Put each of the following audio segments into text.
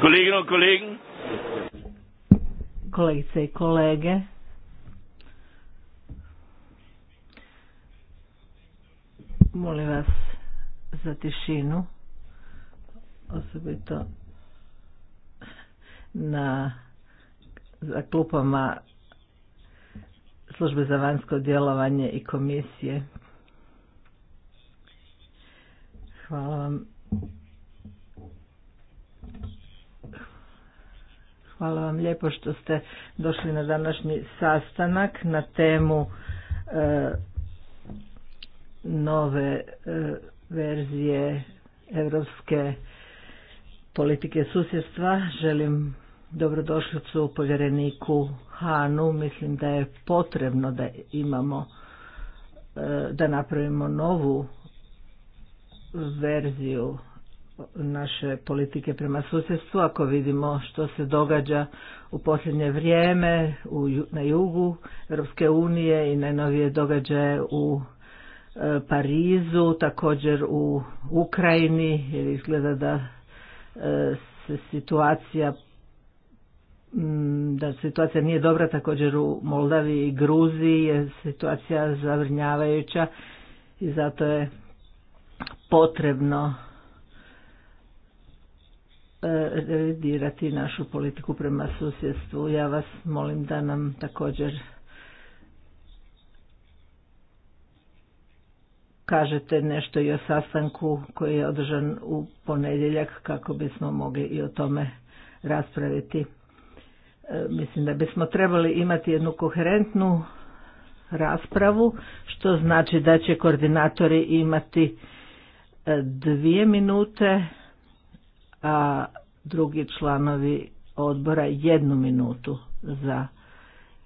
Kolegino, Kolegice i kolege. Molim vas za tišinu. Osobito na za klupama službe za vanjsko djelovanje i komisije. Hvala vam Hvala vam lijepo što ste došli na današnji sastanak na temu e, nove e, verzije europske politike susjedstva. Želim dobrodošlicu povjereniku Hanu. Mislim da je potrebno da imamo e, da napravimo novu verziju naše politike prema susjedstvu, ako vidimo što se događa u posljednje vrijeme u, na jugu Europske unije i najnovije događaje u e, Parizu, također u Ukrajini, jer izgleda da e, se situacija da situacija nije dobra također u Moldaviji i Gruziji je situacija zavrnjavajuća i zato je potrebno E, revidirati našu politiku prema susjedstvu. Ja vas molim da nam također kažete nešto i o sastanku koji je održan u ponedjeljak kako bismo mogli i o tome raspraviti. E, mislim da bismo trebali imati jednu koherentnu raspravu, što znači da će koordinatori imati e, dvije minute a drugi članovi odbora jednu minutu za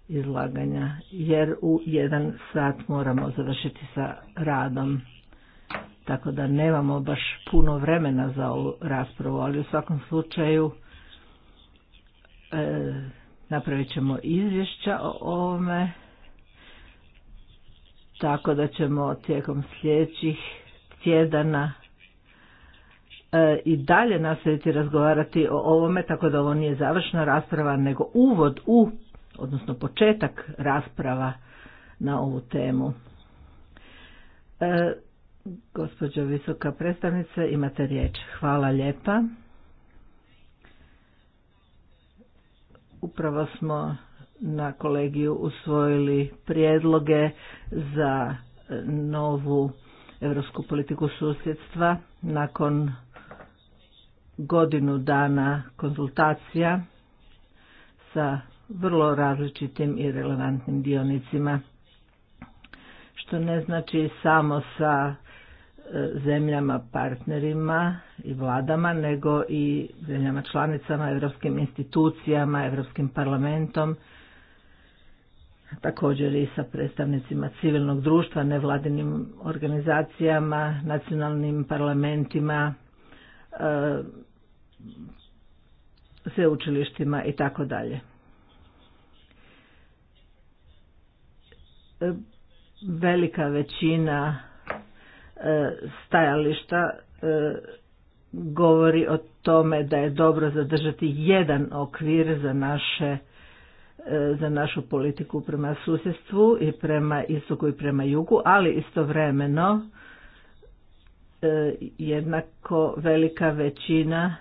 izlaganja, jer u jedan sat moramo završiti sa radom. Tako da nemamo baš puno vremena za ovu raspravu, ali u svakom slučaju e, napravit ćemo izvješća o ovome, tako da ćemo tijekom sljedećih tjedana E, i dalje nastaviti razgovarati o ovome, tako da ovo nije završna rasprava, nego uvod u, odnosno početak rasprava na ovu temu. E, gospođo visoka predstavnice, imate riječ. Hvala lijepa. Upravo smo na kolegiju usvojili prijedloge za novu europsku politiku susjedstva nakon godinu dana konzultacija sa vrlo različitim i relevantnim dionicima, što ne znači samo sa e, zemljama partnerima i vladama, nego i zemljama članicama, europskim institucijama, europskim parlamentom, također i sa predstavnicima civilnog društva, nevladinim organizacijama, nacionalnim parlamentima, E, sveučilištima i tako dalje. E, velika većina e, stajališta govori o tome da je dobro zadržati jedan okvir za naše za našu politiku prema susjedstvu i prema istoku i prema jugu, ali istovremeno E, jednako velika većina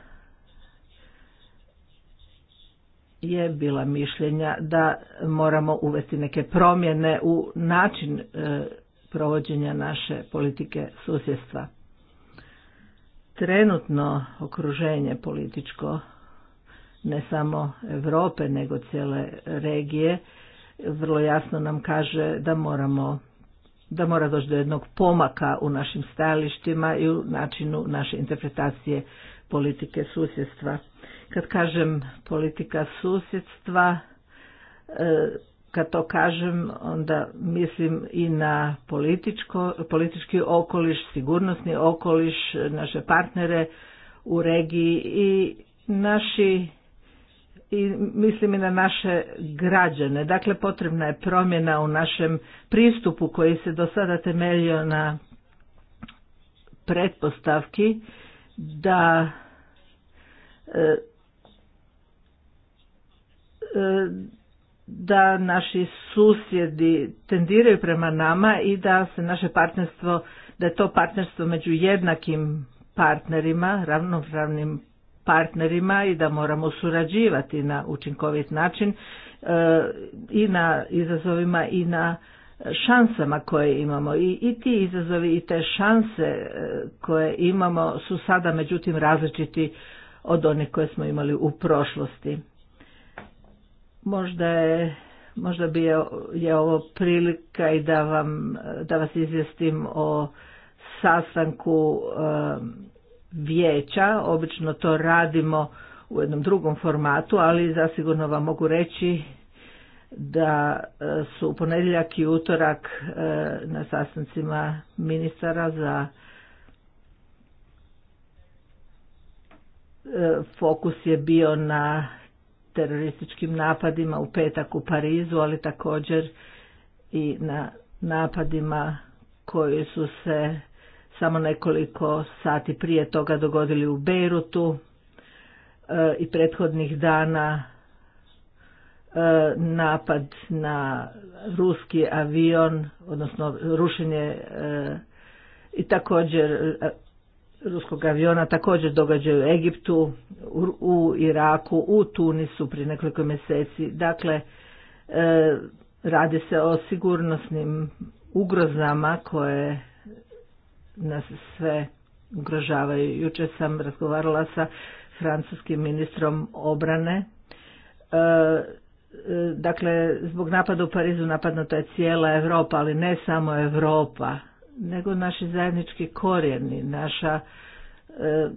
je bila mišljenja da moramo uvesti neke promjene u način e, provođenja naše politike susjedstva. Trenutno okruženje političko ne samo Europe nego cijele regije vrlo jasno nam kaže da moramo da mora doći do jednog pomaka u našim stajalištima i u načinu naše interpretacije politike susjedstva. Kad kažem politika susjedstva, e, kad to kažem, onda mislim i na političko, politički okoliš, sigurnosni okoliš, naše partnere u regiji i naši i mislim i na naše građane. Dakle, potrebna je promjena u našem pristupu koji se do sada temeljio na pretpostavki da e, e, da naši susjedi tendiraju prema nama i da se naše partnerstvo, da je to partnerstvo među jednakim partnerima, ravnopravnim partnerima i da moramo surađivati na učinkovit način e, i na izazovima i na šansama koje imamo i, i ti izazovi i te šanse e, koje imamo su sada međutim različiti od onih koje smo imali u prošlosti. Možda je možda bi je, je ovo prilika i da vam da vas izvjestim o sastanku e, vijeća, obično to radimo u jednom drugom formatu, ali zasigurno vam mogu reći da e, su u ponedjeljak i utorak e, na sastancima ministara za e, fokus je bio na terorističkim napadima u petak u Parizu, ali također i na napadima koji su se samo nekoliko sati prije toga dogodili u Beirutu e, i prethodnih dana e, napad na ruski avion, odnosno rušenje e, i također ruskog aviona također događaju u Egiptu, u, u Iraku, u Tunisu prije nekoliko mjeseci. Dakle, radi se o sigurnosnim ugrozama koje nas sve ugrožavaju. Juče sam razgovarala sa francuskim ministrom obrane. E, e, dakle, zbog napada u Parizu napadnuta je cijela Europa, ali ne samo Europa, nego naši zajednički korijeni, naša e,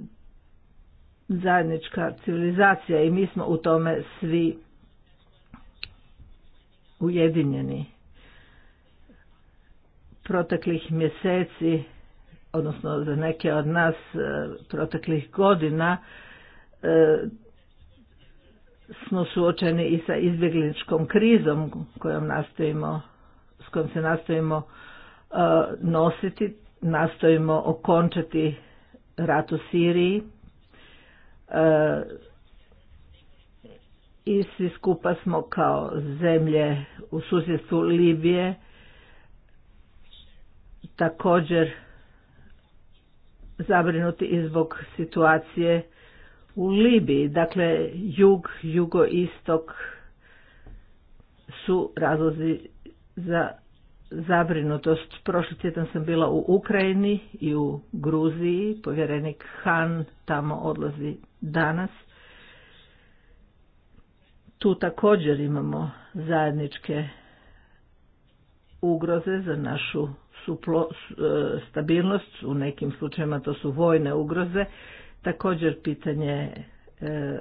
zajednička civilizacija i mi smo u tome svi ujedinjeni. Proteklih mjeseci odnosno za neke od nas e, proteklih godina e, smo suočeni i sa izbjegličkom krizom kojom nastojimo, s kojom se nastojimo e, nositi, nastojimo okončati rat u Siriji i svi skupa smo kao zemlje u susjedstvu Libije također zabrinuti i zbog situacije u Libiji. Dakle, jug, jugoistok su razlozi za zabrinutost. Prošli tjedan sam bila u Ukrajini i u Gruziji. Povjerenik Han tamo odlazi danas. Tu također imamo zajedničke ugroze za našu E, stabilnost, u nekim slučajima to su vojne ugroze, također pitanje e,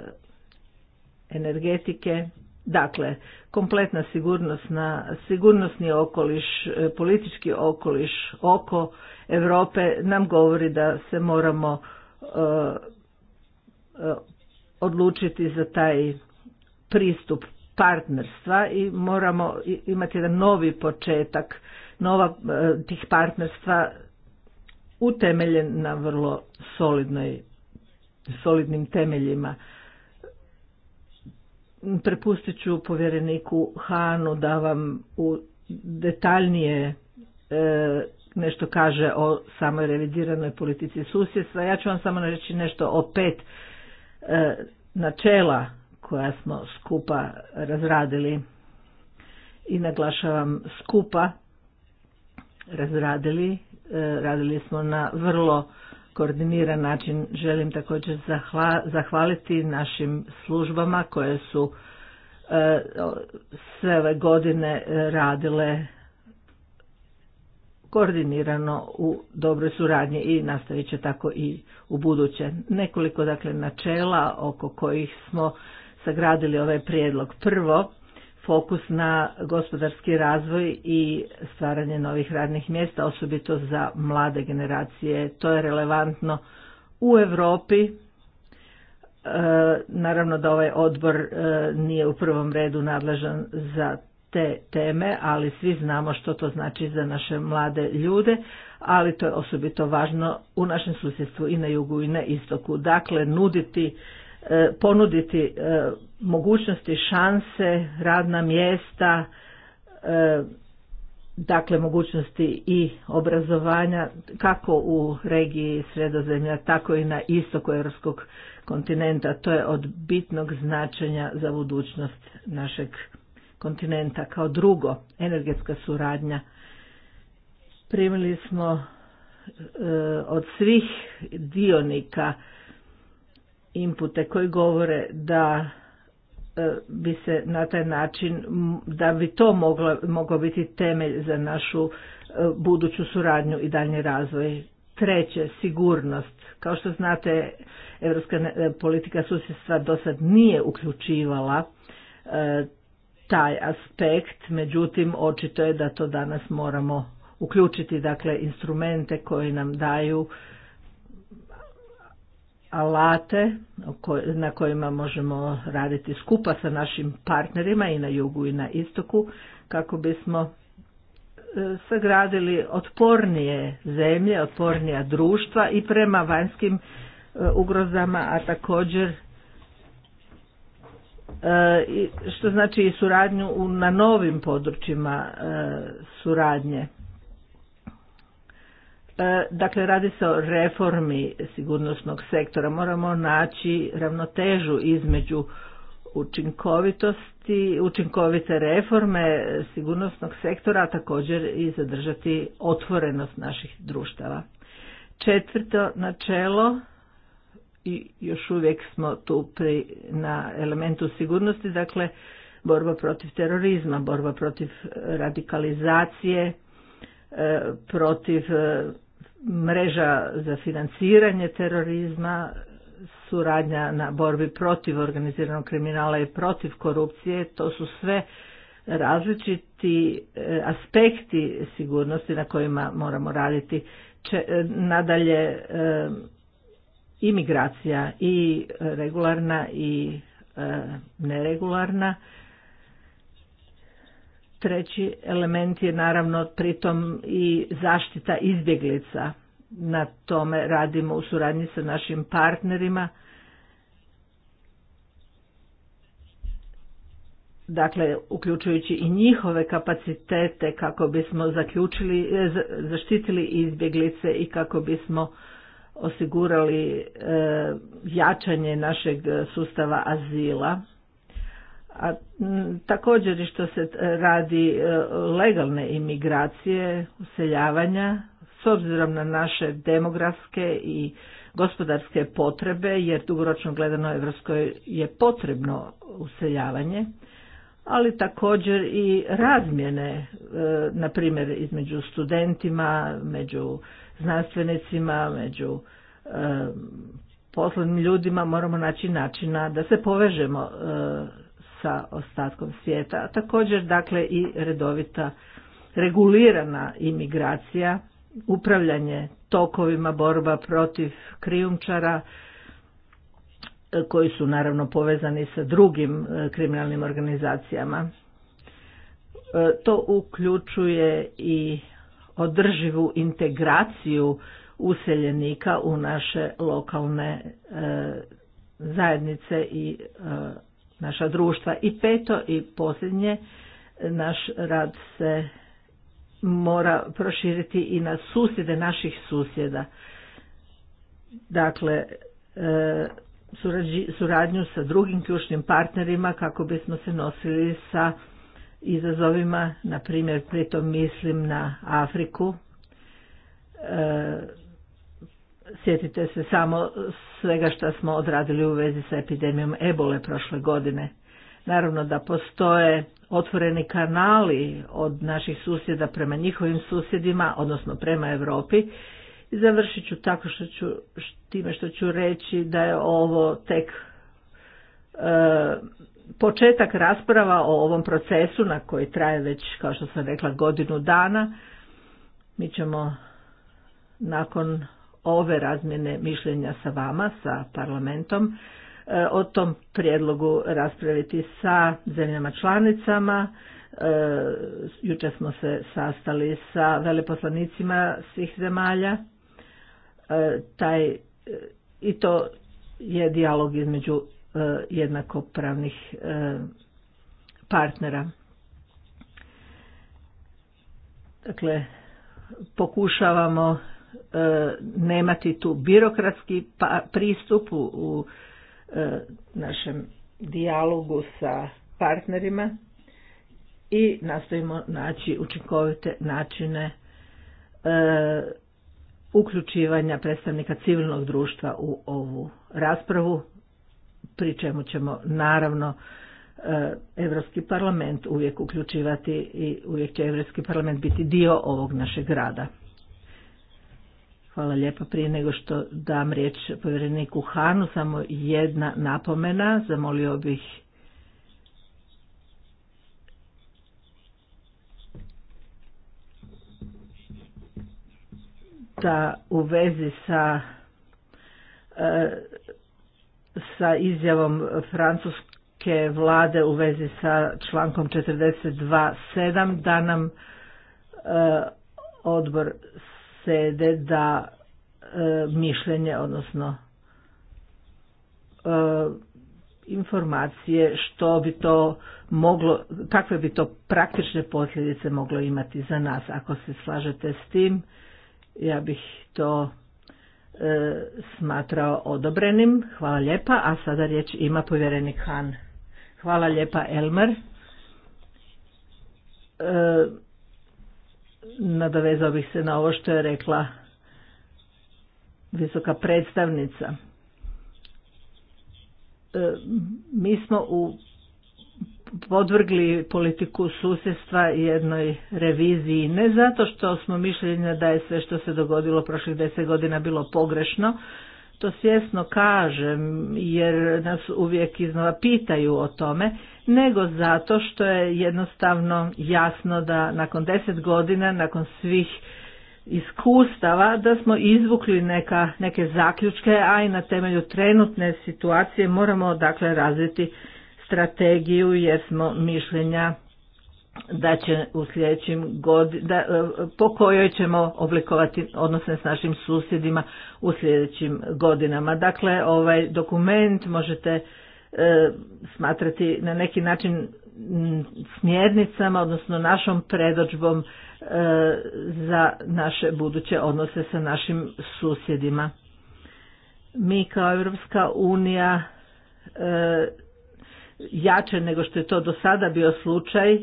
energetike, dakle kompletna sigurnost na, sigurnosni okoliš, e, politički okoliš oko Europe nam govori da se moramo odlučiti za taj pristup partnerstva i moramo imati jedan novi početak nova e, tih partnerstva utemeljen na vrlo solidnoj, solidnim temeljima. Prepustit ću povjereniku Hanu da vam u detaljnije e, nešto kaže o samoj revidiranoj politici susjedstva. Ja ću vam samo reći nešto o pet e, načela koja smo skupa razradili i naglašavam skupa razradili. E, radili smo na vrlo koordiniran način. Želim također zahvaliti našim službama koje su e, sve ove godine radile koordinirano u dobroj suradnji i nastavit će tako i u buduće. Nekoliko dakle načela oko kojih smo sagradili ovaj prijedlog. Prvo, fokus na gospodarski razvoj i stvaranje novih radnih mjesta, osobito za mlade generacije. To je relevantno u Europi. E, naravno da ovaj odbor e, nije u prvom redu nadležan za te teme, ali svi znamo što to znači za naše mlade ljude, ali to je osobito važno u našem susjedstvu i na jugu i na istoku. Dakle, nuditi E, ponuditi e, mogućnosti, šanse, radna mjesta, e, dakle mogućnosti i obrazovanja kako u regiji Sredozemlja, tako i na istoku europskog kontinenta. To je od bitnog značenja za budućnost našeg kontinenta. Kao drugo, energetska suradnja. Primili smo od svih dionika impute koji govore da e, bi se na taj način, da bi to moglo, moglo biti temelj za našu e, buduću suradnju i daljnji razvoj. Treće, sigurnost. Kao što znate, evropska e, politika susjedstva do sad nije uključivala taj aspekt, međutim očito je da to danas moramo uključiti, dakle, instrumente koji nam daju alate na kojima možemo raditi skupa sa našim partnerima i na jugu i na istoku kako bismo e, sagradili otpornije zemlje, otpornija društva i prema vanjskim e, ugrozama, a također e, što znači i suradnju na novim područjima suradnje. E, dakle, radi se o reformi sigurnosnog sektora. Moramo naći ravnotežu između učinkovitosti, učinkovite reforme sigurnosnog sektora, a također i zadržati otvorenost naših društava. Četvrto načelo, i još uvijek smo tu pri, na elementu sigurnosti, dakle borba protiv terorizma, borba protiv radikalizacije, e, protiv e, mreža za financiranje terorizma, suradnja na borbi protiv organiziranog kriminala i protiv korupcije, to su sve različiti e, aspekti sigurnosti na kojima moramo raditi. E, nadalje, e, imigracija i regularna i neregularna Treći element je naravno pritom i zaštita izbjeglica. Na tome radimo u suradnji sa našim partnerima. Dakle, uključujući i njihove kapacitete kako bismo zaključili, zaštitili izbjeglice i kako bismo osigurali e, jačanje našeg sustava azila a također i što se e, radi e, legalne imigracije, useljavanja, s obzirom na naše demografske i gospodarske potrebe, jer dugoročno gledano Evropskoj je potrebno useljavanje, ali također i razmjene, e, na primjer između studentima, među znanstvenicima, među poslovnim ljudima moramo naći načina da se povežemo sa ostatkom svijeta. A također dakle i redovita regulirana imigracija, upravljanje tokovima, borba protiv krijumčara e, koji su naravno povezani sa drugim e, kriminalnim organizacijama. E, to uključuje i održivu integraciju useljenika u naše lokalne zajednice i naša društva. I peto i posljednje, naš rad se mora proširiti i na susjede naših susjeda. Dakle, e, suradnju sa drugim ključnim partnerima kako bismo se nosili sa izazovima, na primjer pritom mislim na Afriku, e, Sjetite se samo svega što smo odradili u vezi sa epidemijom ebole prošle godine. Naravno da postoje otvoreni kanali od naših susjeda prema njihovim susjedima, odnosno prema Europi. I završit ću tako što ću, time što ću reći da je ovo tek e, početak rasprava o ovom procesu na koji traje već, kao što sam rekla, godinu dana. Mi ćemo nakon ove razmjene mišljenja sa vama, sa parlamentom, e, o tom prijedlogu raspraviti sa zemljama članicama. E, jučer smo se sastali sa veleposlanicima svih zemalja. E, taj, I to je dijalog između jednakopravnih partnera. Dakle, pokušavamo E, nemati tu birokratski pa, pristup u e, našem dijalogu sa partnerima i nastojimo naći učinkovite načine e, uključivanja predstavnika civilnog društva u ovu raspravu, pri čemu ćemo naravno Europski parlament uvijek uključivati i uvijek će Europski parlament biti dio ovog našeg rada. Hvala lijepa. Prije nego što dam riječ povjereniku Hanu, samo jedna napomena. Zamolio bih da u vezi sa e, sa izjavom francuske vlade u vezi sa člankom 42.7 da nam e, odbor sede da e, mišljenje, odnosno e, informacije što bi to moglo, kakve bi to praktične posljedice moglo imati za nas. Ako se slažete s tim, ja bih to e, smatrao odobrenim. Hvala lijepa, a sada riječ ima povjerenik Han. Hvala lijepa Elmer. E, nadovezao bih se na ovo što je rekla visoka predstavnica. E, mi smo u podvrgli politiku susjedstva jednoj reviziji ne zato što smo mišljenja da je sve što se dogodilo prošlih deset godina bilo pogrešno, to svjesno kažem jer nas uvijek iznova pitaju o tome nego zato što je jednostavno jasno da nakon deset godina, nakon svih iskustava da smo izvukli neka, neke zaključke, a i na temelju trenutne situacije moramo dakle razviti strategiju jer smo mišljenja da će u sljedećim godinama, e, po kojoj ćemo oblikovati odnose s našim susjedima u sljedećim godinama. Dakle, ovaj dokument možete E, smatrati na neki način smjernicama, odnosno našom predođbom e, za naše buduće odnose sa našim susjedima. Mi kao Europska unija e, jače nego što je to do sada bio slučaj,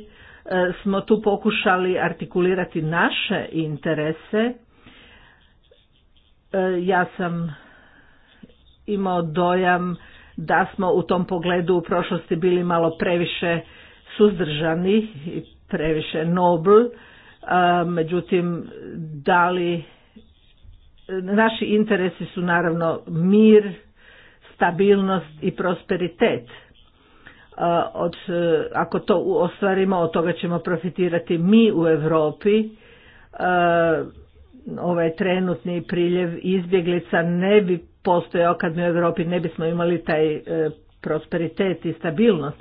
smo tu pokušali artikulirati naše interese. Ja sam imao dojam da smo u tom pogledu u prošlosti bili malo previše suzdržani i previše nobl. Međutim, da li naši interesi su naravno mir, stabilnost i prosperitet. Od, ako to ostvarimo, od toga ćemo profitirati mi u Europi. Ovaj trenutni priljev izbjeglica ne bi Postoje kad mi u Europi ne bismo imali taj e, prosperitet i stabilnost.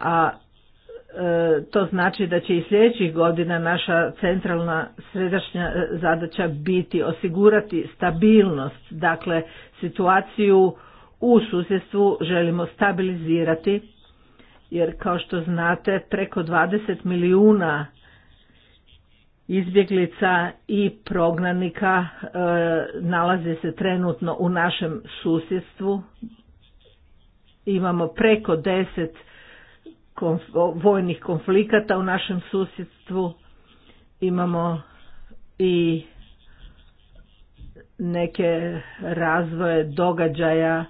A e, to znači da će i sljedećih godina naša centralna središnja e, zadaća biti osigurati stabilnost, dakle situaciju u susjedstvu želimo stabilizirati jer kao što znate preko 20 milijuna izbjeglica i prognanika e, nalaze se trenutno u našem susjedstvu. Imamo preko deset vojnih konflikata u našem susjedstvu. Imamo i neke razvoje događaja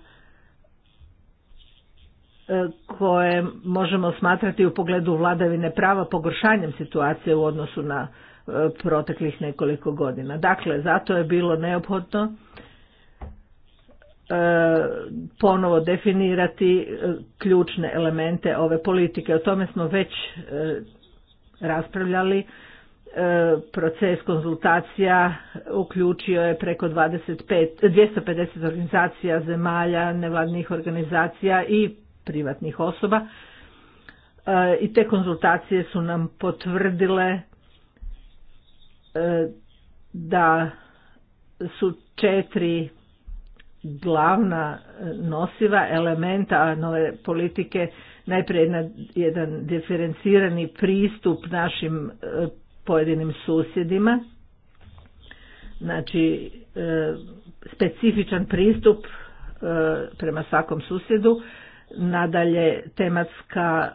e, koje možemo smatrati u pogledu vladavine prava pogoršanjem situacije u odnosu na E, proteklih nekoliko godina. Dakle, zato je bilo neophodno e, ponovo definirati e, ključne elemente ove politike. O tome smo već raspravljali. Proces konzultacija uključio je preko 25, 250 organizacija zemalja, nevladnih organizacija i privatnih osoba. I te konzultacije su nam potvrdile E, da su četiri glavna e, nosiva elementa nove politike najprije jedan, diferencirani pristup našim e, pojedinim susjedima znači specifičan pristup prema svakom susjedu nadalje tematska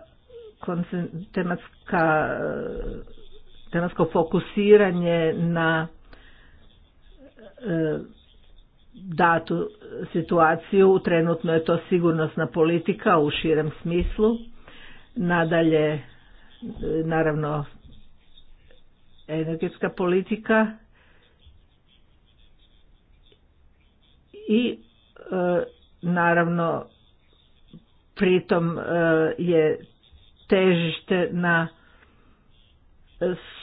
tematska tematsko fokusiranje na e, datu situaciju, trenutno je to sigurnosna politika u širem smislu. Nadalje, e, naravno, energetska politika i e, naravno pritom je težište na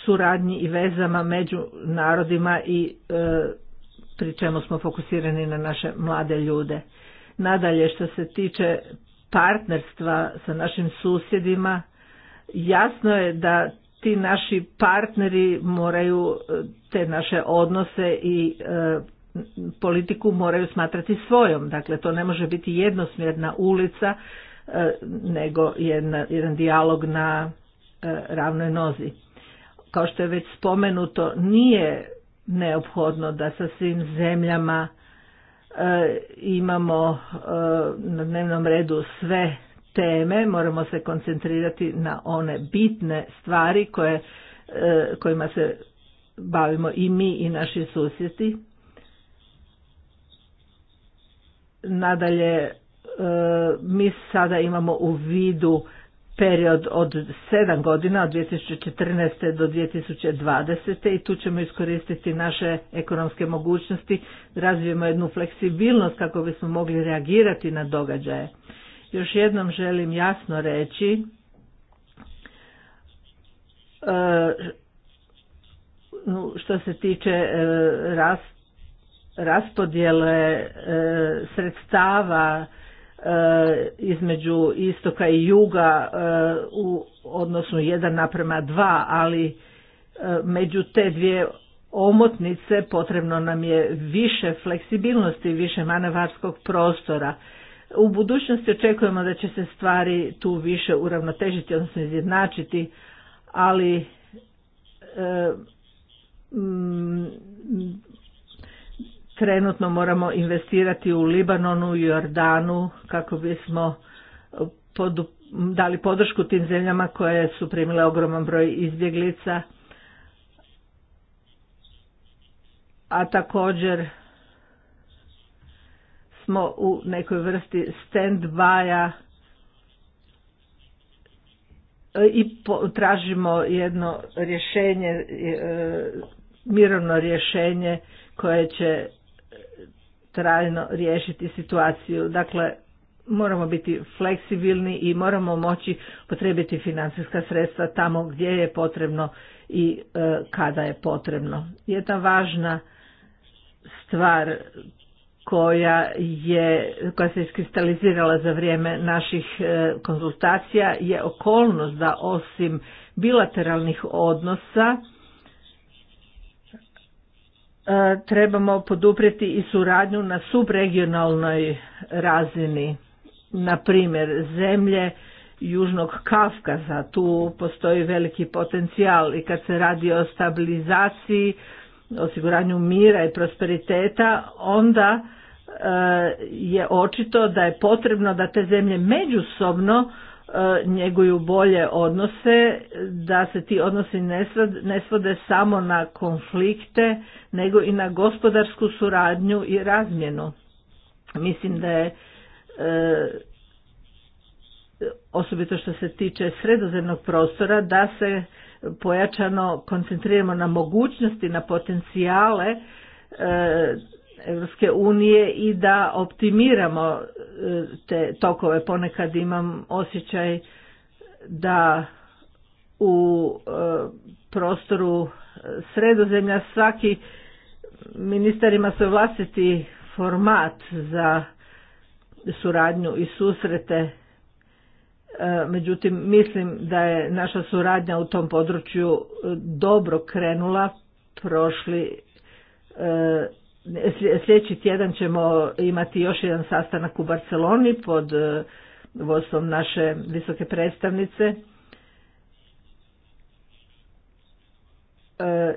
suradnji i vezama među narodima i e, pri čemu smo fokusirani na naše mlade ljude. Nadalje što se tiče partnerstva sa našim susjedima, jasno je da ti naši partneri moraju e, te naše odnose i e, politiku moraju smatrati svojom. Dakle, to ne može biti jednosmjerna ulica, nego jedna, jedan dijalog na ravnoj nozi kao što je već spomenuto, nije neophodno da sa svim zemljama e, imamo e, na dnevnom redu sve teme, moramo se koncentrirati na one bitne stvari koje, e, kojima se bavimo i mi i naši susjeti. Nadalje, mi sada imamo u vidu period od 7 godina od 2014. do 2020. i tu ćemo iskoristiti naše ekonomske mogućnosti, razvijemo jednu fleksibilnost kako bismo mogli reagirati na događaje. Još jednom želim jasno reći e, što se tiče e, raspodjele e, sredstava Eh, između istoka i juga eh, u odnosu jedan naprema dva, ali eh, među te dvije omotnice potrebno nam je više fleksibilnosti, više manevarskog prostora. U budućnosti očekujemo da će se stvari tu više uravnotežiti, odnosno izjednačiti, ali trenutno moramo investirati u Libanonu i Jordanu kako bismo dali podršku tim zemljama koje su primile ogroman broj izbjeglica. A također smo u nekoj vrsti stand-by-a e, i tražimo jedno rješenje, e, mirovno rješenje koje će trajno riješiti situaciju. Dakle, moramo biti fleksibilni i moramo moći potrebiti financijska sredstva tamo gdje je potrebno i e, kada je potrebno. Jedna važna stvar koja je koja se iskristalizirala za vrijeme naših e, konzultacija je okolnost da osim bilateralnih odnosa E, trebamo poduprijeti i suradnju na subregionalnoj razini. Na primjer, zemlje Južnog Kafkaza, tu postoji veliki potencijal i kad se radi o stabilizaciji, osiguranju mira i prosperiteta, onda e, je očito da je potrebno da te zemlje međusobno E, njeguju bolje odnose, da se ti odnosi ne svode samo na konflikte, nego i na gospodarsku suradnju i razmjenu. Mislim da je e, osobito što se tiče sredozemnog prostora, da se pojačano koncentriramo na mogućnosti, na potencijale e, Europske unije i da optimiramo e, te tokove. Ponekad imam osjećaj da u e, prostoru sredozemlja svaki ministar ima svoj vlastiti format za suradnju i susrete. E, međutim, mislim da je naša suradnja u tom području dobro krenula prošli Sljedeći tjedan ćemo imati još jedan sastanak u Barceloni pod e, vodstvom naše visoke predstavnice. E,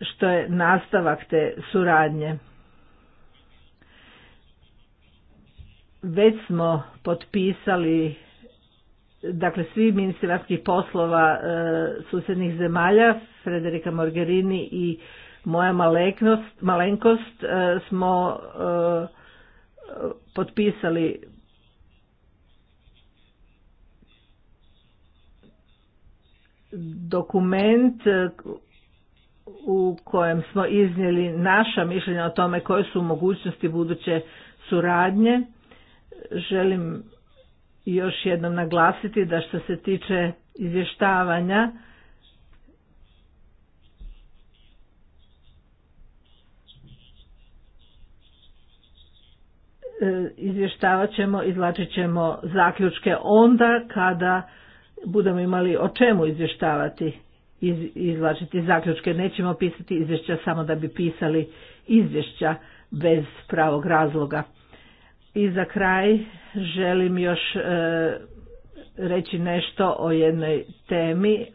što je nastavak te suradnje. Već smo potpisali dakle svi ministri poslova e, susjednih zemalja Frederika Morgerini i moja malenkost e, smo e, potpisali dokument e, u kojem smo iznijeli naša mišljenja o tome koje su mogućnosti buduće suradnje. Želim još jednom naglasiti da što se tiče izvještavanja E, izvještavat ćemo, izlačit ćemo zaključke onda kada budemo imali o čemu izvještavati iz, izlačiti zaključke. Nećemo pisati izvješća samo da bi pisali izvješća bez pravog razloga. I za kraj želim još e, reći nešto o jednoj temi.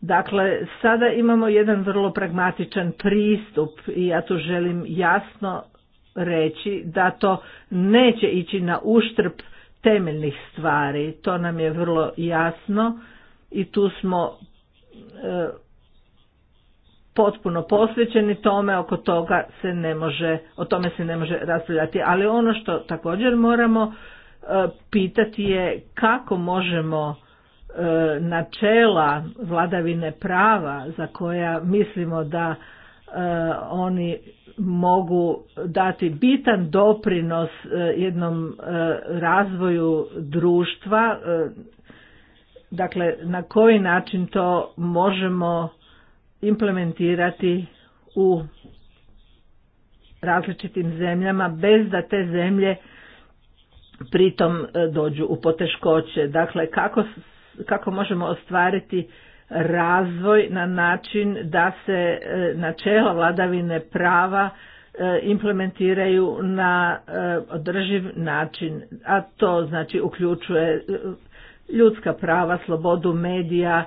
Dakle, sada imamo jedan vrlo pragmatičan pristup i ja tu želim jasno reći da to neće ići na uštrb temeljnih stvari. To nam je vrlo jasno i tu smo e, potpuno posvećeni tome, oko toga se ne može, o tome se ne može raspravljati. Ali ono što također moramo e, pitati je kako možemo e, načela vladavine prava za koja mislimo da oni mogu dati bitan doprinos e, jednom e, razvoju društva, e, dakle na koji način to možemo implementirati u različitim zemljama bez da te zemlje pritom dođu u poteškoće. Dakle, kako, kako možemo ostvariti razvoj na način da se e, načela vladavine prava e, implementiraju na e, održiv način, a to znači uključuje ljudska prava, slobodu medija,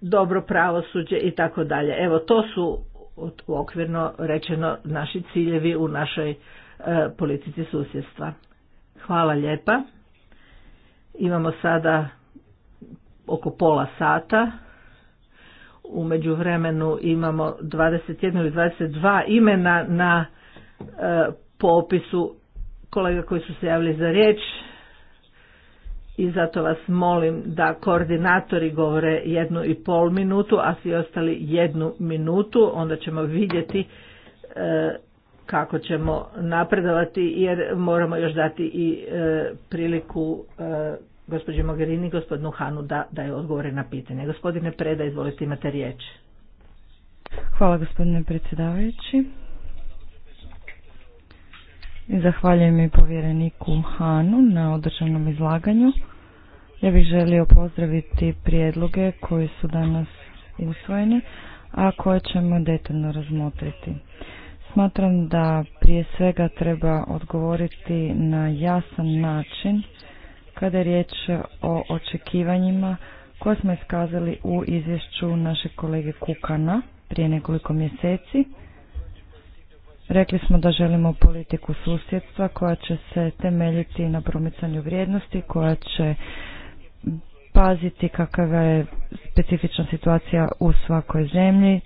dobro pravosuđe i tako dalje. Evo to su okvirno rečeno naši ciljevi u našoj politici susjedstva. Hvala lijepa. Imamo sada oko pola sata. U međuvremenu imamo 21 ili 22 imena na e, popisu kolega koji su se javili za riječ i zato vas molim da koordinatori govore jednu i pol minutu, a svi ostali jednu minutu, onda ćemo vidjeti e, kako ćemo napredovati jer moramo još dati i e, priliku gospođi Mogherini i gospodinu Hanu da, da je odgovore na pitanje. Gospodine Preda, izvolite, imate riječ. Hvala gospodine predsjedavajući. I zahvaljujem i povjereniku Hanu na održanom izlaganju. Ja bih želio pozdraviti prijedloge koji su danas usvojeni, a koje ćemo detaljno razmotriti. Smatram da prije svega treba odgovoriti na jasan način kada je riječ o očekivanjima koje smo iskazali u izvješću našeg kolege Kukana prije nekoliko mjeseci. Rekli smo da želimo politiku susjedstva koja će se temeljiti na promicanju vrijednosti, koja će paziti kakva je specifična situacija u svakoj zemlji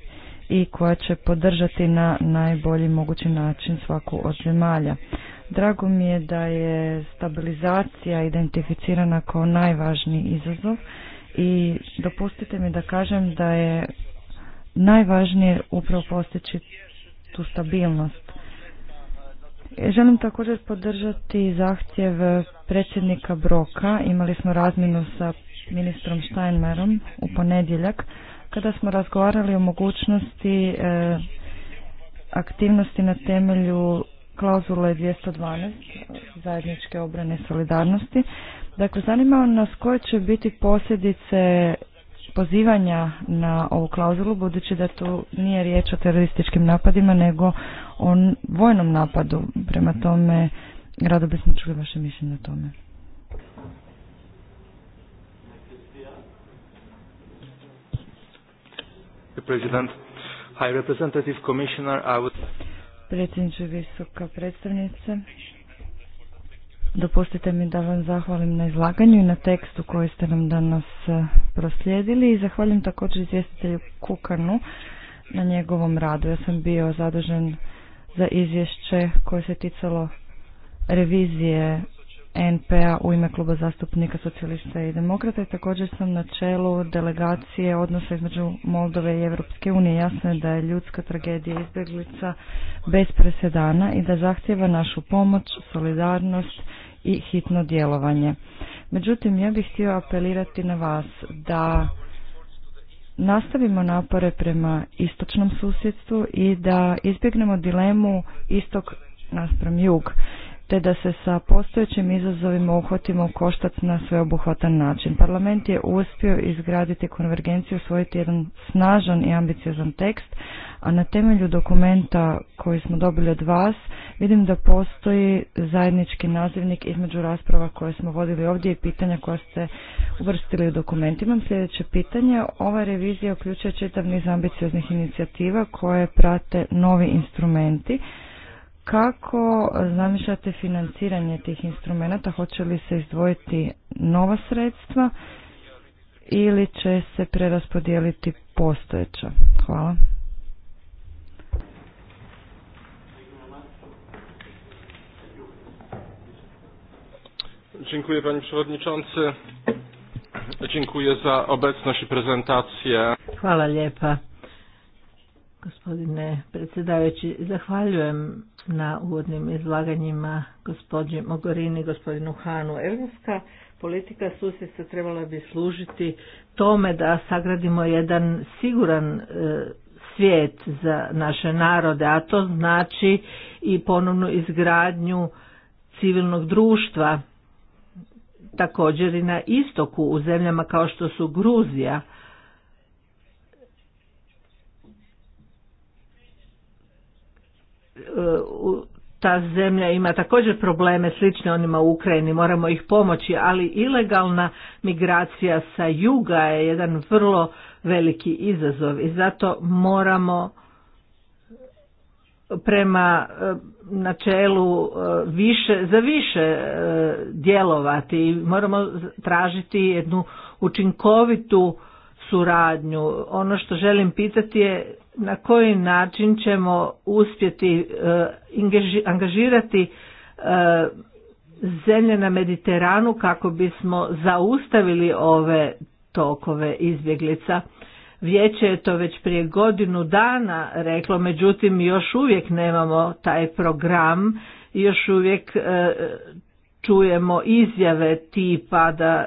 i koja će podržati na najbolji mogući način svaku od zemalja. Drago mi je da je stabilizacija identificirana kao najvažniji izazov i dopustite mi da kažem da je najvažnije upravo postići tu stabilnost. Želim također podržati zahtjev predsjednika Broka. Imali smo razminu sa ministrom Steinmerom u ponedjeljak kada smo razgovarali o mogućnosti eh, aktivnosti na temelju klauzule 212 zajedničke obrane solidarnosti. Dakle, zanima nas koje će biti posljedice pozivanja na ovu klauzulu, budući da tu nije riječ o terorističkim napadima, nego o vojnom napadu. Prema tome, rado bismo čuli vaše mišljenje na tome. President, High Representative Commissioner, predsjedniče visoka predstavnice. Dopustite mi da vam zahvalim na izlaganju i na tekstu koji ste nam danas e, proslijedili i zahvaljujem također izvjestitelju Kukanu na njegovom radu. Ja sam bio zadužen za izvješće koje se ticalo revizije NPA u ime kluba zastupnika socijalista i demokrata i također sam na čelu delegacije odnosa između Moldove i Europske unije. Jasno je da je ljudska tragedija izbjeglica bez presedana i da zahtjeva našu pomoć, solidarnost i hitno djelovanje. Međutim, ja bih htio apelirati na vas da nastavimo napore prema istočnom susjedstvu i da izbjegnemo dilemu istok naspram jug te da se sa postojećim izazovima uhvatimo koštac na sveobuhvatan način. Parlament je uspio izgraditi konvergenciju, usvojiti jedan snažan i ambiciozan tekst, a na temelju dokumenta koji smo dobili od vas vidim da postoji zajednički nazivnik između rasprava koje smo vodili ovdje i pitanja koja ste uvrstili u dokumentima Imam sljedeće pitanje. Ova revizija uključuje čitav niz ambicioznih inicijativa koje prate novi instrumenti kako zamišljate financiranje tih instrumenta? Hoće li se izdvojiti nova sredstva ili će se preraspodijeliti postojeća? Hvala. Dziękuję Panie Przewodniczący. Dziękuję za obecność i prezentację. Hvala lijepa Gospodine predsjedavajući, zahvaljujem na uvodnim izlaganjima gospođi Mogorini i gospodinu Hanu. Europska politika susjedstva trebala bi služiti tome da sagradimo jedan siguran e, svijet za naše narode, a to znači i ponovnu izgradnju civilnog društva također i na istoku u zemljama kao što su Gruzija ta zemlja ima također probleme slične onima u Ukrajini, moramo ih pomoći, ali ilegalna migracija sa juga je jedan vrlo veliki izazov i zato moramo e, prema e, načelu e, više, za više djelovati i moramo tražiti jednu učinkovitu suradnju. Ono što želim pitati je na koji način ćemo uspjeti e, angažirati e, zemlje na Mediteranu kako bismo zaustavili ove tokove izbjeglica. Vijeće je to već prije godinu dana reklo, međutim još uvijek nemamo taj program, još uvijek e, čujemo izjave tipa da e,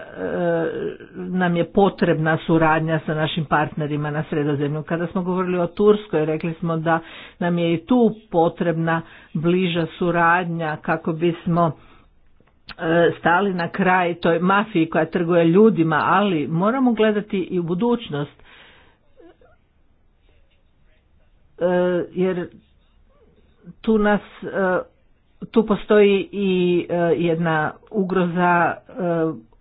nam je potrebna suradnja sa našim partnerima na sredozemlju. Kada smo govorili o Turskoj, rekli smo da nam je i tu potrebna bliža suradnja kako bismo e, stali na kraj toj mafiji koja trguje ljudima, ali moramo gledati i u budućnost. E, jer tu nas tu postoji i e, jedna ugroza e,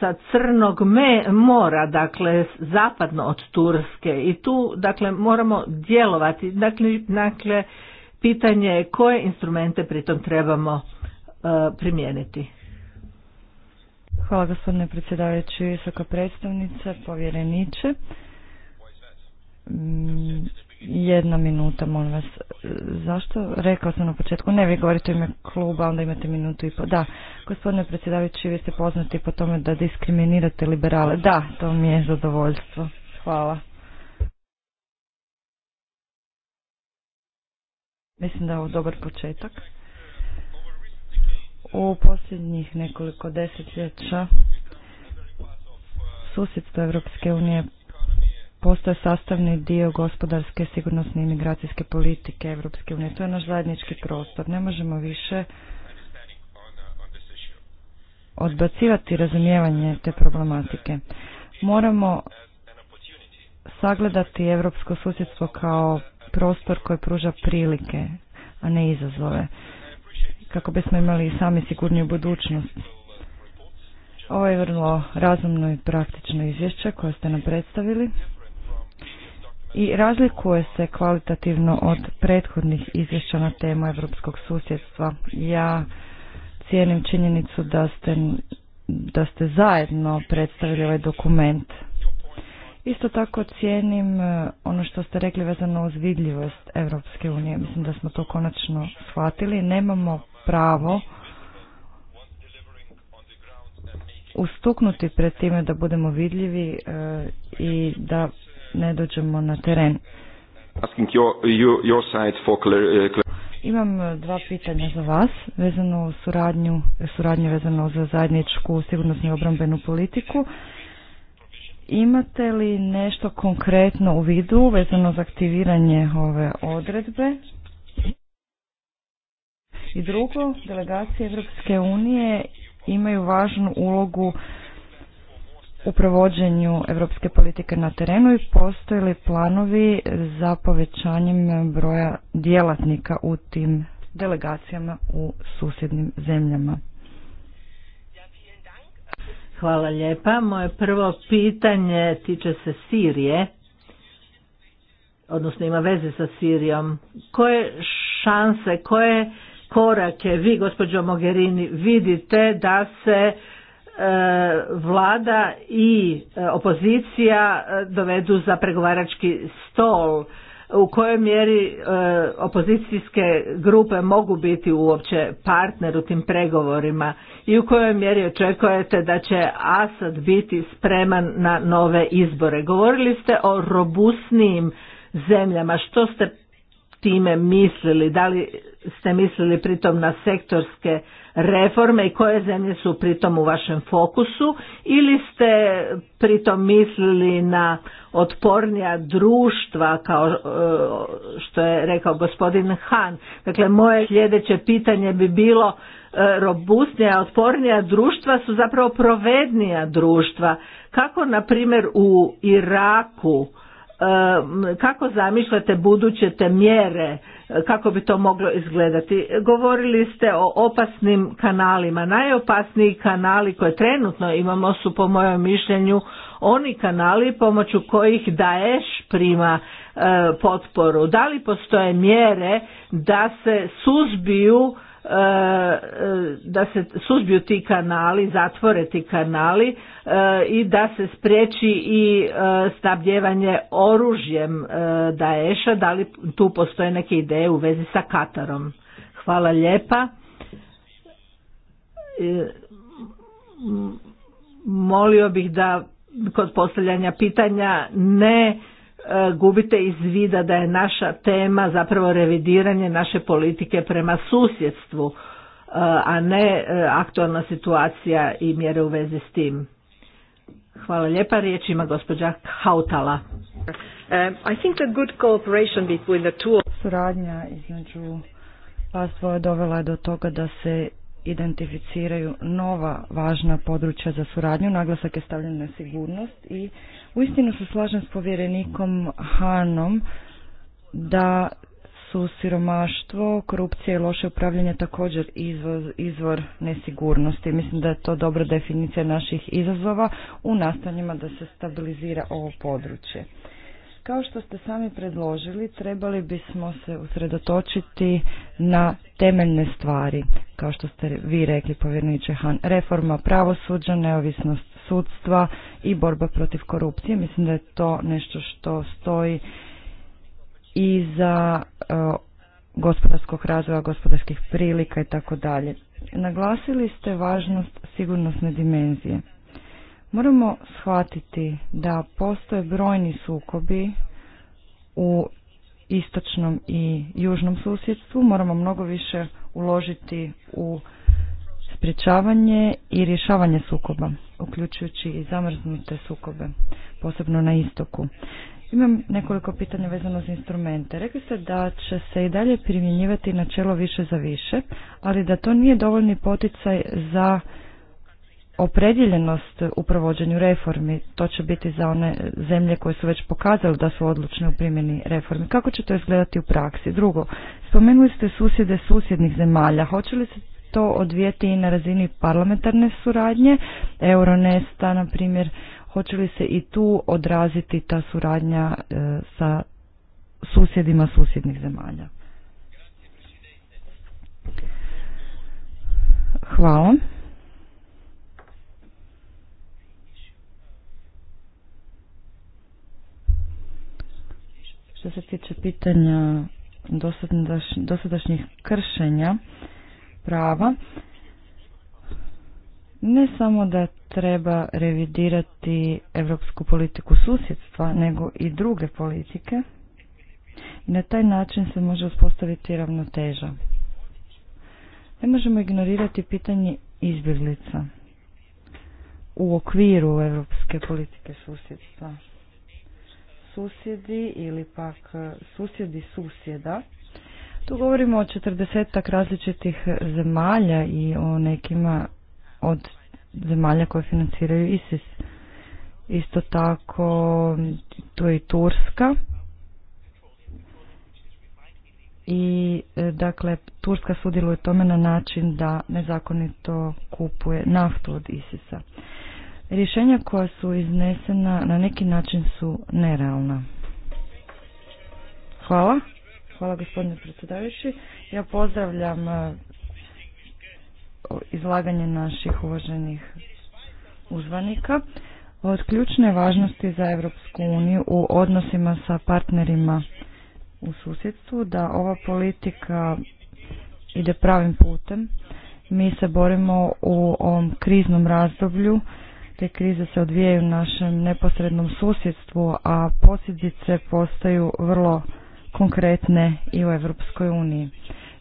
sa Crnog mora, dakle zapadno od Turske i tu dakle moramo djelovati. Dakle, dakle pitanje je koje instrumente pritom trebamo e, primijeniti. Hvala gospodine predsjedavajući, visoka predstavnice, povjereniče. Mm, jedna minuta, molim vas. Zašto? Rekao sam na početku, ne, vi govorite u ime kluba, onda imate minutu i po. Da, gospodine predsjedavajući, vi ste poznati po tome da diskriminirate liberale. Da, to mi je zadovoljstvo. Hvala. Mislim da je ovo dobar početak. U posljednjih nekoliko desetljeća susjedstvo Europske unije postaje sastavni dio gospodarske, sigurnosne i migracijske politike Europske unije. To je naš zajednički prostor. Ne možemo više odbacivati razumijevanje te problematike. Moramo sagledati europsko susjedstvo kao prostor koji pruža prilike, a ne izazove, kako bismo imali i sami sigurniju budućnost. Ovo je vrlo razumno i praktično izvješće koje ste nam predstavili i razlikuje se kvalitativno od prethodnih izvješća na temu europskog susjedstva. Ja cijenim činjenicu da ste, da ste zajedno predstavili ovaj dokument. Isto tako cijenim e, ono što ste rekli vezano uz vidljivost Europske unije. Mislim da smo to konačno shvatili. Nemamo pravo ustuknuti pred time da budemo vidljivi e, i da ne dođemo na teren. Uh, Imam uh, dva pitanja za vas vezano u suradnju, vezano za zajedničku sigurnosnu i obrambenu politiku. Imate li nešto konkretno u vidu vezano za aktiviranje ove odredbe? I drugo, delegacije Europske unije imaju važnu ulogu u provođenju europske politike na terenu i postoje li planovi za povećanjem broja djelatnika u tim delegacijama u susjednim zemljama? Hvala lijepa. Moje prvo pitanje tiče se Sirije, odnosno ima veze sa Sirijom. Koje šanse, koje korake vi, gospođo Mogherini, vidite da se E, vlada i e, opozicija e, dovedu za pregovarački stol u kojoj mjeri opozicijske grupe mogu biti uopće partner u tim pregovorima i u kojoj mjeri očekujete da će Asad biti spreman na nove izbore. Govorili ste o robustnijim zemljama. Što ste time mislili? Da li ste mislili pritom na sektorske reforme i koje zemlje su pritom u vašem fokusu ili ste pritom mislili na otpornija društva kao e, što je rekao gospodin Han. Dakle, moje sljedeće pitanje bi bilo e, robustnija, otpornija društva su zapravo provednija društva. Kako, na primjer, u Iraku, e, kako zamišljate buduće te mjere kako bi to moglo izgledati. Govorili ste o opasnim kanalima. Najopasniji kanali koje trenutno imamo su po mojem mišljenju oni kanali pomoću kojih Daesh prima e, potporu. Da li postoje mjere da se suzbiju e, e, da se suzbiju ti kanali, zatvore ti kanali, Eh, i da se spriječi i eh, snabdjevanje oružjem eh, Daesha, da li tu postoje neke ideje u vezi sa Katarom. Hvala lijepa. Molio bih da kod postavljanja pitanja ne gubite iz vida da je naša tema zapravo revidiranje naše politike prema susjedstvu, a ne aktualna situacija i mjere u vezi s tim. Hvala lijepa. Riječ ima gospođa Hautala. Um, I think the good cooperation between the two... Suradnja između vas dvoje dovela je do toga da se identificiraju nova važna područja za suradnju, naglasak je stavljen na sigurnost i uistinu se slažem s povjerenikom Hanom da su siromaštvo, korupcija i loše upravljanje također izvor, izvor nesigurnosti. Mislim da je to dobra definicija naših izazova u nastanjima da se stabilizira ovo područje. Kao što ste sami predložili, trebali bismo se usredotočiti na temeljne stvari, kao što ste vi rekli, povjerniče Han, reforma pravosuđa, neovisnost sudstva i borba protiv korupcije. Mislim da je to nešto što stoji i za e, gospodarskog razvoja, gospodarskih prilika i tako dalje. Naglasili ste važnost sigurnosne dimenzije. Moramo shvatiti da postoje brojni sukobi u istočnom i južnom susjedstvu. Moramo mnogo više uložiti u sprječavanje i rješavanje sukoba, uključujući i zamrznute sukobe, posebno na istoku. Imam nekoliko pitanja vezano za instrumente. Rekli ste da će se i dalje primjenjivati načelo više za više, ali da to nije dovoljni poticaj za opredjeljenost u provođenju reformi. To će biti za one zemlje koje su već pokazale da su odlučne u primjeni reformi. Kako će to izgledati u praksi? Drugo, spomenuli ste susjede susjednih zemalja. Hoće li se to odvijeti i na razini parlamentarne suradnje? Euronesta, na primjer, Hoće li se i tu odraziti ta suradnja e, sa susjedima susjednih zemalja? Hvala. Što se tiče pitanja dosadašnjih kršenja prava, ne samo da treba revidirati europsku politiku susjedstva, nego i druge politike. I na taj način se može uspostaviti ravnoteža. Ne možemo ignorirati pitanje izbjeglica u okviru europske politike susjedstva. Susjedi ili pak e, susjedi susjeda tu govorimo o četrdesetak različitih zemalja i o nekima od zemalja koje financiraju ISIS. Isto tako to je i Turska. I e, dakle Turska sudjeluje tome na način da nezakonito kupuje naftu od Isisa. Rješenja koja su iznesena na neki način su nerealna. Hvala. Hvala gospodine predsjedavajući. Ja pozdravljam e, izlaganje naših uvaženih uzvanika od ključne važnosti za Europsku uniju u odnosima sa partnerima u susjedstvu da ova politika ide pravim putem. Mi se borimo u ovom kriznom razdoblju. Te krize se odvijaju u našem neposrednom susjedstvu, a posljedice postaju vrlo konkretne i u Europskoj uniji.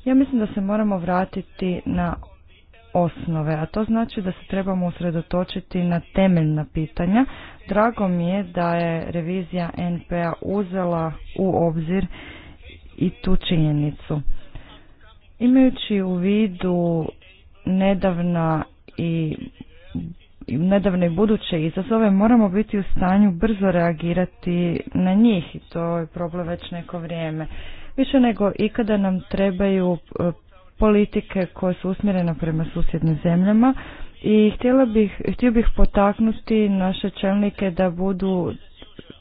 Ja mislim da se moramo vratiti na osnove, a to znači da se trebamo usredotočiti na temeljna pitanja. Drago mi je da je revizija NPA uzela u obzir i tu činjenicu. Imajući u vidu nedavna i nedavne i buduće izazove moramo biti u stanju brzo reagirati na njih i to je problem već neko vrijeme. Više nego ikada nam trebaju politike koje su usmjerene prema susjednim zemljama i htjela bih, htio bih potaknuti naše čelnike da budu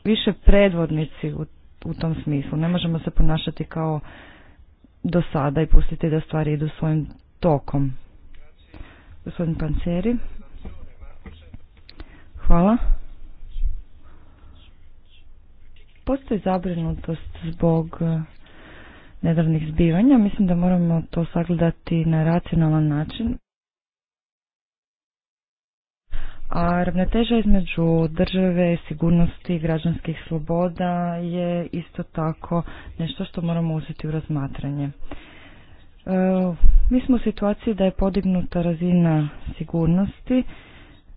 više predvodnici u, u tom smislu. Ne možemo se ponašati kao do sada i pustiti da stvari idu svojim tokom. Gospodin Panceri. Hvala. Postoji zabrinutost zbog nedavnih zbivanja. Mislim da moramo to sagledati na racionalan način. A ravnoteža između države, sigurnosti, građanskih sloboda je isto tako nešto što moramo uzeti u razmatranje. E, mi smo u situaciji da je podignuta razina sigurnosti.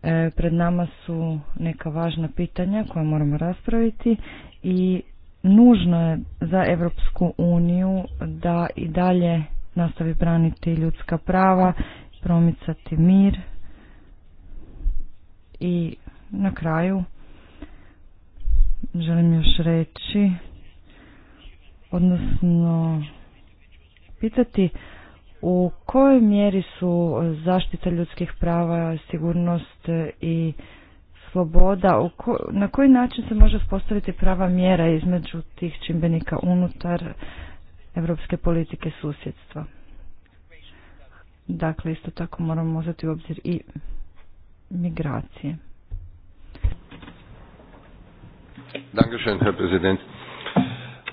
E, pred nama su neka važna pitanja koja moramo raspraviti i Nužno je za Europsku uniju da i dalje nastavi braniti ljudska prava, promicati mir i na kraju želim još reći, odnosno pitati u kojoj mjeri su zaštita ljudskih prava, sigurnost i sloboda, na koji način se može uspostaviti prava mjera između tih čimbenika unutar europske politike susjedstva. Dakle, isto tako moramo uzeti u obzir i migracije. Dankeschön, Herr Präsident.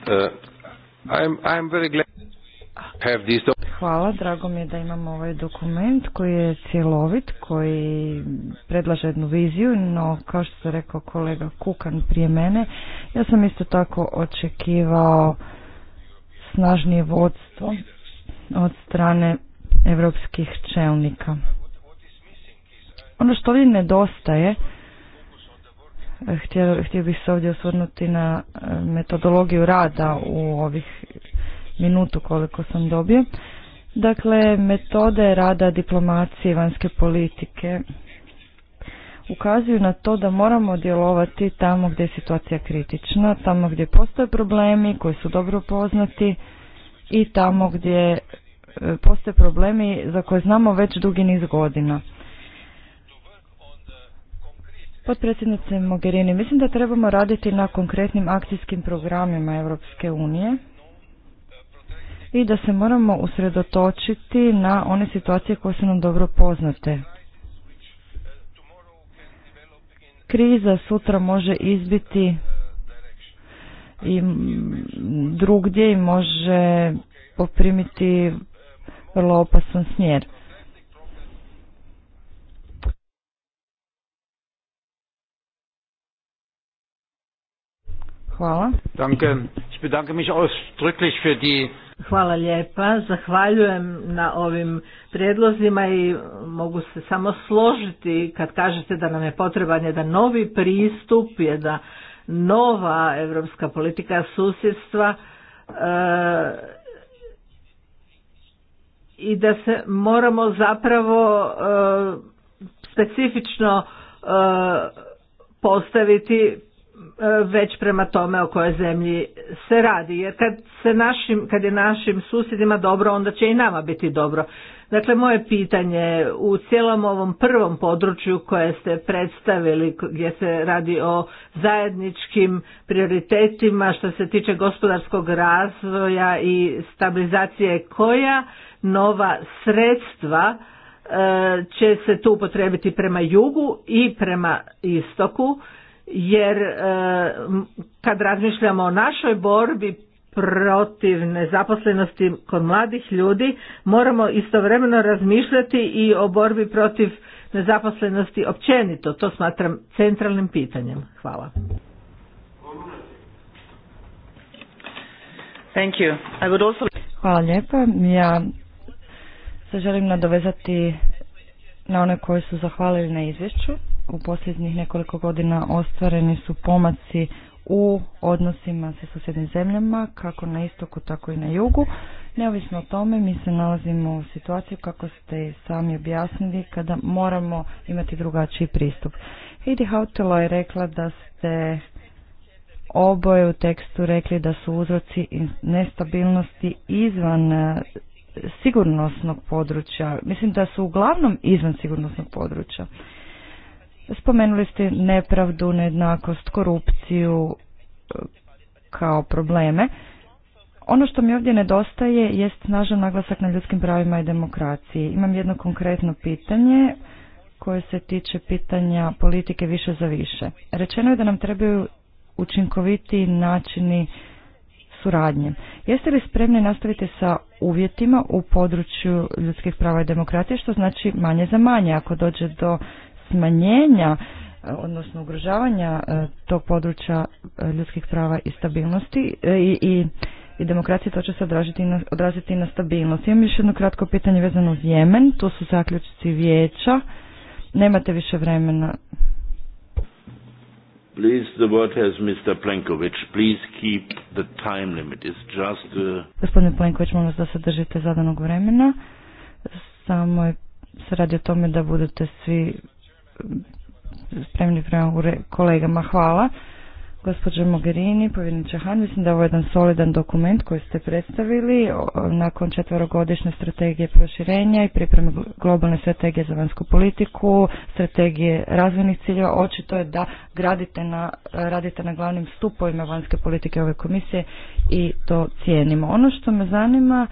Äh, very glad have Hvala, drago mi je da imamo ovaj dokument koji je cjelovit, koji predlaže jednu viziju, no kao što je rekao kolega Kukan prije mene, ja sam isto tako očekivao snažnije vodstvo od strane evropskih čelnika. Ono što ovdje nedostaje, htio, htio bih se ovdje osvrnuti na e, metodologiju rada u ovih minutu koliko sam dobio. Dakle, metode rada diplomacije i vanjske politike ukazuju na to da moramo djelovati tamo gdje je situacija kritična, tamo gdje postoje problemi koji su dobro poznati i tamo gdje e, postoje problemi za koje znamo već dugi niz godina. Potpredsjednice Mogherini, mislim da trebamo raditi na konkretnim akcijskim programima Europske unije i da se moramo usredotočiti na one situacije koje su nam dobro poznate. Kriza sutra može izbiti i drugdje i može poprimiti vrlo opasan smjer. Hvala. Danke. Ich bedanke mich ausdrücklich für Hvala lijepa, zahvaljujem na ovim prijedlozima i mogu se samo složiti kad kažete da nam je potreban jedan novi pristup, jedna nova evropska politika susjedstva e, i da se moramo zapravo e, specifično e, postaviti E, već prema tome o kojoj zemlji se radi. Jer kad, se našim, kad je našim susjedima dobro, onda će i nama biti dobro. Dakle, moje pitanje u cijelom ovom prvom području koje ste predstavili, gdje se radi o zajedničkim prioritetima što se tiče gospodarskog razvoja i stabilizacije, koja nova sredstva e, će se tu upotrebiti prema jugu i prema istoku, jer e, kad razmišljamo o našoj borbi protiv nezaposlenosti kod mladih ljudi moramo istovremeno razmišljati i o borbi protiv nezaposlenosti općenito. To smatram centralnim pitanjem. Hvala. Thank you. I would also... Hvala lijepa. Ja se želim nadovezati na one koji su zahvalili na izvješću u posljednjih nekoliko godina ostvareni su pomaci u odnosima sa susjednim zemljama, kako na istoku, tako i na jugu. Neovisno o tome, mi se nalazimo u situaciji, kako ste sami objasnili, kada moramo imati drugačiji pristup. Heidi Hautelo je rekla da ste oboje u tekstu rekli da su uzroci nestabilnosti izvan e, sigurnosnog područja. Mislim da su uglavnom izvan sigurnosnog područja. Spomenuli ste nepravdu, nejednakost, korupciju e, kao probleme. Ono što mi ovdje nedostaje jest snažan naglasak na ljudskim pravima i demokraciji. Imam jedno konkretno pitanje koje se tiče pitanja politike više za više. Rečeno je da nam trebaju učinkoviti načini suradnje. Jeste li spremni nastaviti sa uvjetima u području ljudskih prava i demokracije, što znači manje za manje ako dođe do smanjenja e, odnosno ugrožavanja e, tog područja e, ljudskih prava i stabilnosti i, i, i demokracije to će se odražiti na, odraziti i na stabilnost. Imam još jedno kratko pitanje vezano uz Jemen, to su zaključci vijeća, nemate više vremena. Please, Mr. Plenković. Please keep the time limit. It's just... Uh, Gospodine Plenković, molim vas da se držite zadanog vremena. Samo je se radi o tome da budete svi spremni prema kolegama. Hvala. Gospođo Mogherini, povjedniče Han, mislim da je ovo jedan solidan dokument koji ste predstavili nakon četverogodišnje strategije proširenja i pripreme globalne strategije za vanjsku politiku, strategije razvojnih ciljeva. Očito je da gradite na, radite na glavnim stupovima vanjske politike ove komisije i to cijenimo. Ono što me zanima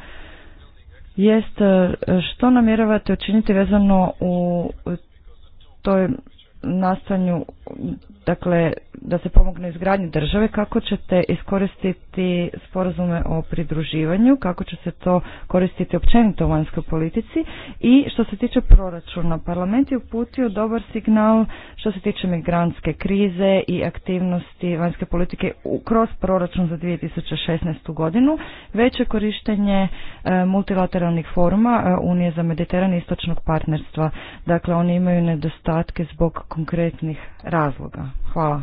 jest e, što namjeravate učiniti vezano u to je nastanju, dakle, da se pomogne izgradnji države, kako ćete iskoristiti sporazume o pridruživanju, kako će se to koristiti općenito u vanjskoj politici i što se tiče proračuna, parlament je uputio dobar signal što se tiče migrantske krize i aktivnosti vanjske politike kroz proračun za 2016. godinu, veće korištenje e, multilateralnih foruma e, Unije za Mediteran i Istočnog partnerstva. Dakle, oni imaju nedostatke zbog konkretnih razloga. Hvala.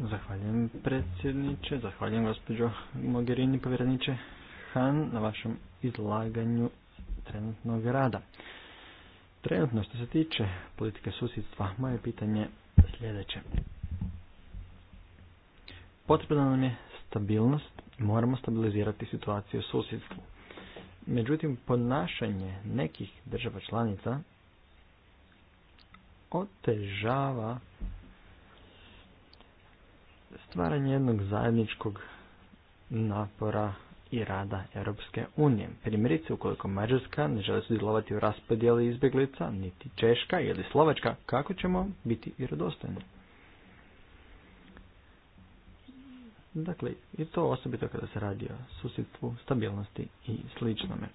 Zahvaljujem predsjedniče, zahvaljujem gospođo Mogherini, povjereniče Han, na vašem izlaganju trenutnog rada. Trenutno što se tiče politike susjedstva, moje pitanje sljedeće. Potrebna nam je stabilnost, moramo stabilizirati situaciju u susjedstvu. Međutim, ponašanje nekih država članica otežava stvaranje jednog zajedničkog napora i rada Europske unije. Primjerice, ukoliko Mađarska ne želi sudjelovati u raspodjeli izbjeglica, niti Češka ili Slovačka, kako ćemo biti vjerodostojni? Dakle, i to osobito kada se radi o susjedstvu, stabilnosti i sličnome.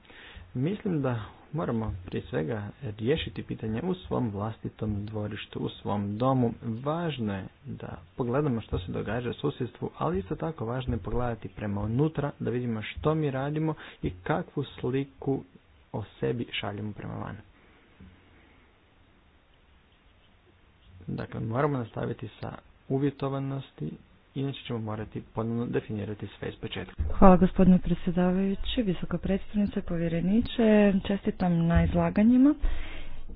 Mislim da moramo prije svega riješiti pitanje u svom vlastitom dvorištu, u svom domu. Važno je da pogledamo što se događa u susjedstvu, ali isto tako važno je pogledati prema unutra, da vidimo što mi radimo i kakvu sliku o sebi šaljemo prema van. Dakle, moramo nastaviti sa uvjetovanosti inače ćemo morati ponovno definirati sve iz početka. Hvala gospodine predsjedavajući, visoka predstavnice, povjereniče, čestitam na izlaganjima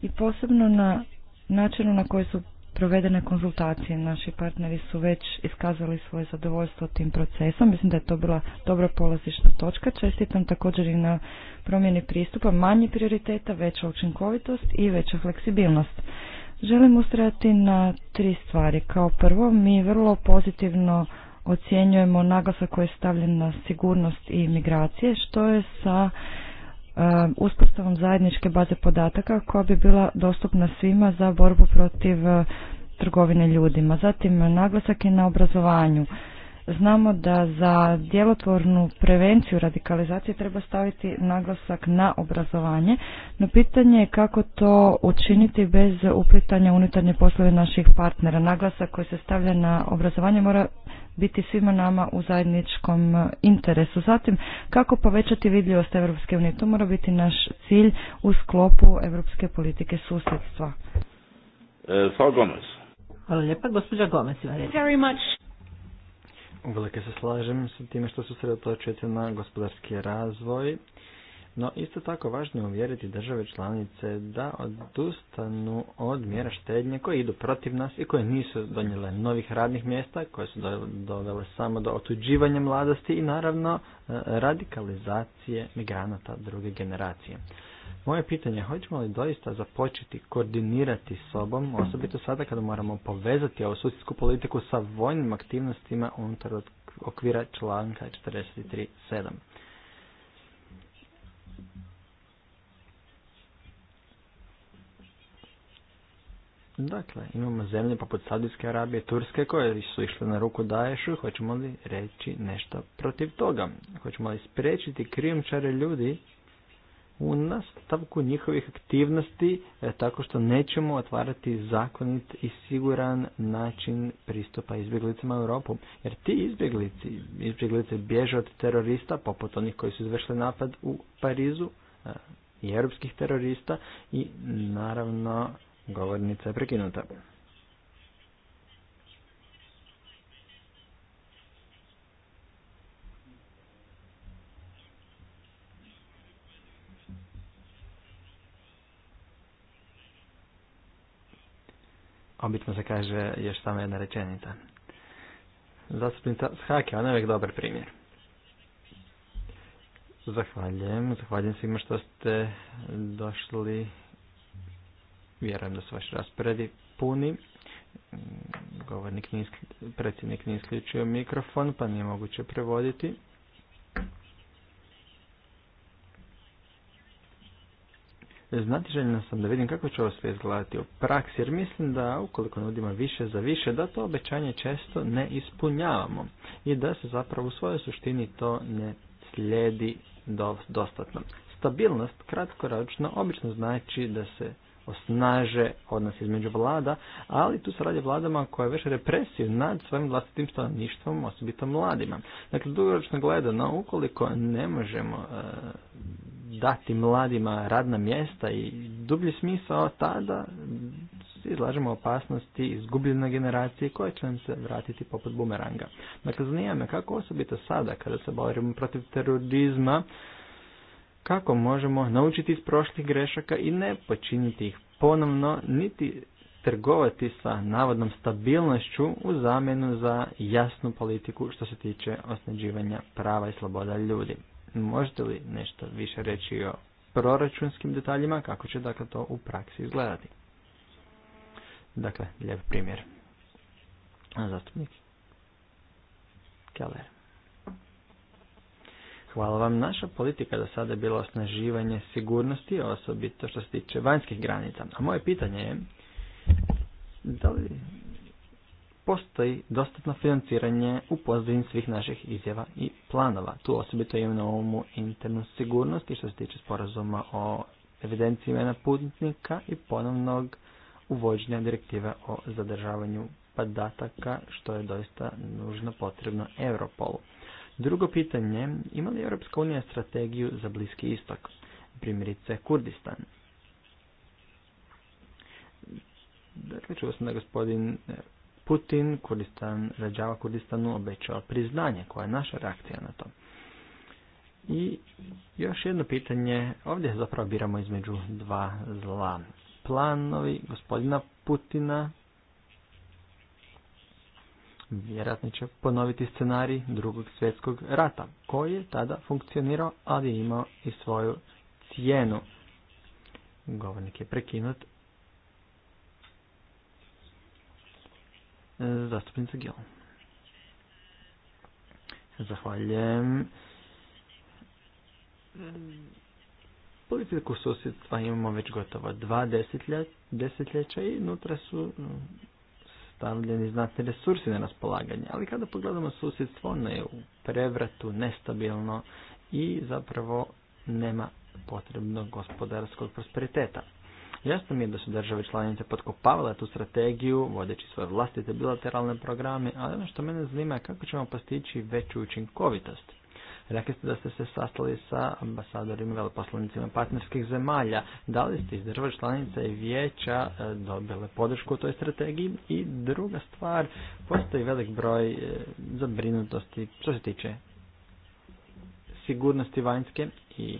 i posebno na načinu na koji su provedene konzultacije. Naši partneri su već iskazali svoje zadovoljstvo tim procesom. Mislim da je to bila dobra polazišna točka. Čestitam također i na promjeni pristupa, manje prioriteta, veća učinkovitost i veća fleksibilnost. Želim ustrajati na tri stvari. Kao prvo, mi vrlo pozitivno ocjenjujemo naglasak koji je stavljen na sigurnost i migracije, što je sa um, uspostavom zajedničke baze podataka koja bi bila dostupna svima za borbu protiv uh, trgovine ljudima. Zatim, naglasak je na obrazovanju Znamo da za djelotvornu prevenciju radikalizacije treba staviti naglasak na obrazovanje, no pitanje je kako to učiniti bez uplitanja unutarnje poslove naših partnera. Naglasak koji se stavlja na obrazovanje mora biti svima nama u zajedničkom interesu. Zatim, kako povećati vidljivost Europske unije? To mora biti naš cilj u sklopu Europske politike susjedstva. E, Hvala lijepa, Uvelike se slažem sa time što se sredotočujete na gospodarski razvoj, no isto tako važno je uvjeriti države članice da odustanu od mjera štednje koje idu protiv nas i koje nisu donijele novih radnih mjesta, koje su dovele samo do otuđivanja mladosti i naravno e, radikalizacije migranata druge generacije. Moje pitanje, hoćemo li doista započeti koordinirati sobom, osobito sada kada moramo povezati ovu sudsku politiku sa vojnim aktivnostima unutar okvira članka 43.7. Dakle, imamo zemlje poput Saudijske Arabije, Turske koje su išle na ruku Daješu, hoćemo li reći nešto protiv toga? Hoćemo li spriječiti krijumčare ljudi u nastavku njihovih aktivnosti e, tako što nećemo otvarati zakonit i siguran način pristupa izbjeglicama u Europu. Jer ti izbjeglici, izbjeglice bježe od terorista, poput onih koji su izvršili napad u Parizu, e, i europskih terorista i naravno govornica je prekinuta. obično se kaže još samo jedna rečenica. Zastupnica Shake, ona je uvijek dobar primjer. Zahvaljujem, zahvaljujem svima što ste došli. Vjerujem da su vaši rasporedi puni. Govornik nije, predsjednik nije isključio mikrofon, pa nije moguće prevoditi. željeno sam da vidim kako će ovo sve izgledati u praksi, jer mislim da ukoliko nudimo više za više, da to obećanje često ne ispunjavamo i da se zapravo u svojoj suštini to ne slijedi dostatno. Stabilnost kratkoročno obično znači da se osnaže odnos između vlada, ali tu se radi vladama koje veše represiju nad svojim vlastitim stanovništvom, osobito mladima. Dakle, dugoročno gledano, ukoliko ne možemo e, dati mladima radna mjesta i dublji smisao tada izlažemo opasnosti izgubljene generacije koje će nam se vratiti poput bumeranga. Dakle, zanima me kako osobito sada kada se borimo protiv terorizma, kako možemo naučiti iz prošlih grešaka i ne počiniti ih ponovno, niti trgovati sa navodnom stabilnošću u zamjenu za jasnu politiku što se tiče osnađivanja prava i sloboda ljudi. Možete li nešto više reći o proračunskim detaljima, kako će dakle to u praksi izgledati? Dakle, lijep primjer. Zastupnik Keller. Hvala vam. Naša politika do sada je bila osnaživanje sigurnosti, osobito što se tiče vanjskih granica. A moje pitanje je, da li postoji dostatno financiranje u pozadini svih naših izjava i planova. Tu osobito je na umu internu sigurnosti što se tiče sporazuma o evidenciji imena putnika i ponovnog uvođenja direktive o zadržavanju podataka što je doista nužno potrebno Europolu. Drugo pitanje, ima li Europska unija strategiju za Bliski istok, primjerice Kurdistan? Dakle, čuo sam da gospodin Putin Kurdistan, Rađava Kurdistanu obećao priznanje, koja je naša reakcija na to. I još jedno pitanje, ovdje zapravo biramo između dva zla. Planovi gospodina Putina vjerojatno će ponoviti scenarij drugog svjetskog rata, koji je tada funkcionirao, ali je imao i svoju cijenu. Govornik je prekinut, Zastupnica Gil. Zahvaljujem. Politiku susjedstva imamo već gotovo dva desetljeća i unutra su mm, stavljeni znatni resursi na raspolaganje. Ali kada pogledamo susjedstvo, ono je u prevratu, nestabilno i zapravo nema potrebnog gospodarskog prosperiteta. Jasno mi je da su države članice potkopavale tu strategiju, vodeći svoje vlastite bilateralne programe, ali ono što mene zanima je kako ćemo postići veću učinkovitost. Rekli ste da ste se sastali sa ambasadorima veleposlanicima partnerskih zemalja. Da li ste iz države članica i vijeća e, dobile podršku u toj strategiji? I druga stvar, postoji velik broj e, zabrinutosti što se tiče sigurnosti vanjske i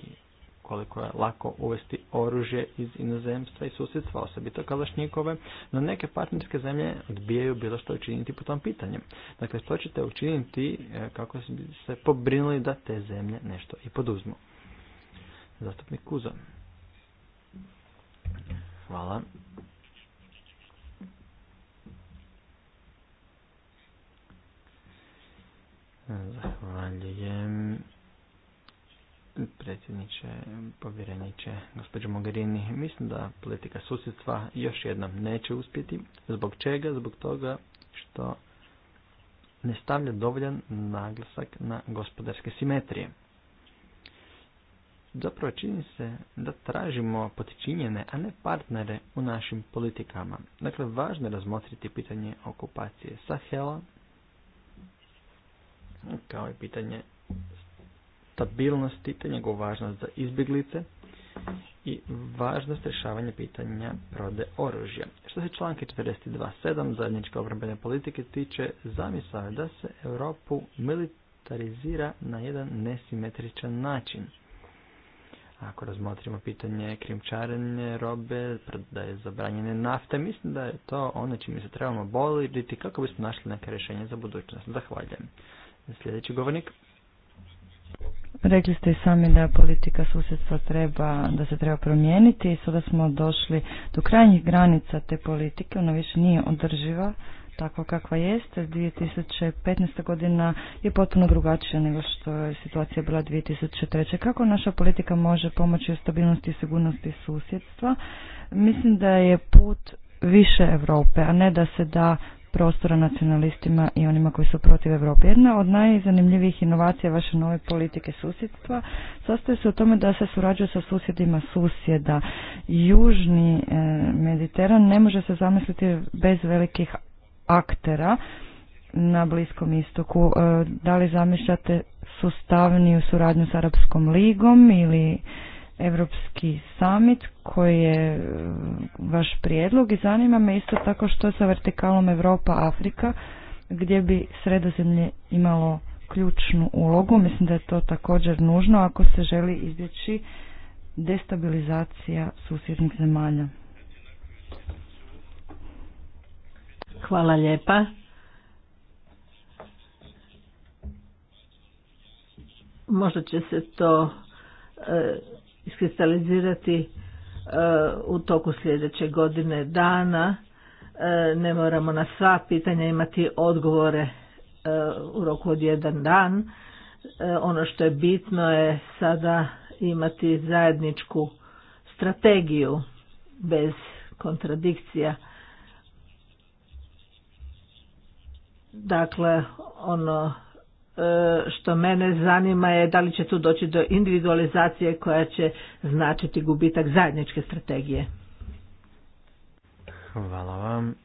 koliko je lako uvesti oružje iz inozemstva i susjedstva, osobito kalašnjikove, no neke partnerske zemlje odbijaju bilo što učiniti po tom pitanju. Dakle, što ćete učiniti e, kako bi se pobrinuli da te zemlje nešto i poduzmu? Zastupnik Kuzo. Hvala. Zahvaljujem predsjedniče, povjereniče, gospođo Mogherini, mislim da politika susjedstva još jednom neće uspjeti. Zbog čega? Zbog toga što ne stavlja dovoljan naglasak na gospodarske simetrije. Zapravo čini se da tražimo potičinjene, a ne partnere u našim politikama. Dakle, važno je razmotriti pitanje okupacije Sahela, kao i pitanje stabilnost te njegovu važnost za izbjeglice i važnost rješavanja pitanja prode oružja. Što se članke 42.7 zajedničke obrambene politike tiče, zamisao je da se Europu militarizira na jedan nesimetričan način. Ako razmotrimo pitanje krimčarenje robe, da je zabranjene nafte, mislim da je to ono čime se trebamo boliti kako bismo našli neke rješenje za budućnost. Zahvaljujem. Sljedeći govornik. Rekli ste i sami da politika susjedstva treba, da se treba promijeniti i sada smo došli do krajnjih granica te politike, ona više nije održiva tako kakva jeste. 2015. godina je potpuno drugačija nego što je situacija bila 2003. Kako naša politika može pomoći u stabilnosti i sigurnosti susjedstva? Mislim da je put više Europe, a ne da se da prostora nacionalistima i onima koji su protiv Europe. Jedna od najzanimljivijih inovacija vaše nove politike susjedstva sastoje se u tome da se surađuje sa susjedima susjeda. Južni eh, Mediteran ne može se zamisliti bez velikih aktera na Bliskom istoku. Eh, da li zamišljate sustavniju suradnju s Arapskom ligom ili Europski summit koji je e, vaš prijedlog i zanima me isto tako što sa vertikalom Europa-Afrika gdje bi sredozemlje imalo ključnu ulogu. Mislim da je to također nužno ako se želi izbjeći destabilizacija susjednih zemalja. Hvala lijepa. Možda će se to e, iskristalizirati e, u toku sljedeće godine dana. E, ne moramo na sva pitanja imati odgovore e, u roku od jedan dan. Ono što je bitno je sada imati zajedničku strategiju bez kontradikcija. Dakle, ono E, što mene zanima je da li će tu doći do individualizacije koja će značiti gubitak zajedničke strategije. Hvala vam.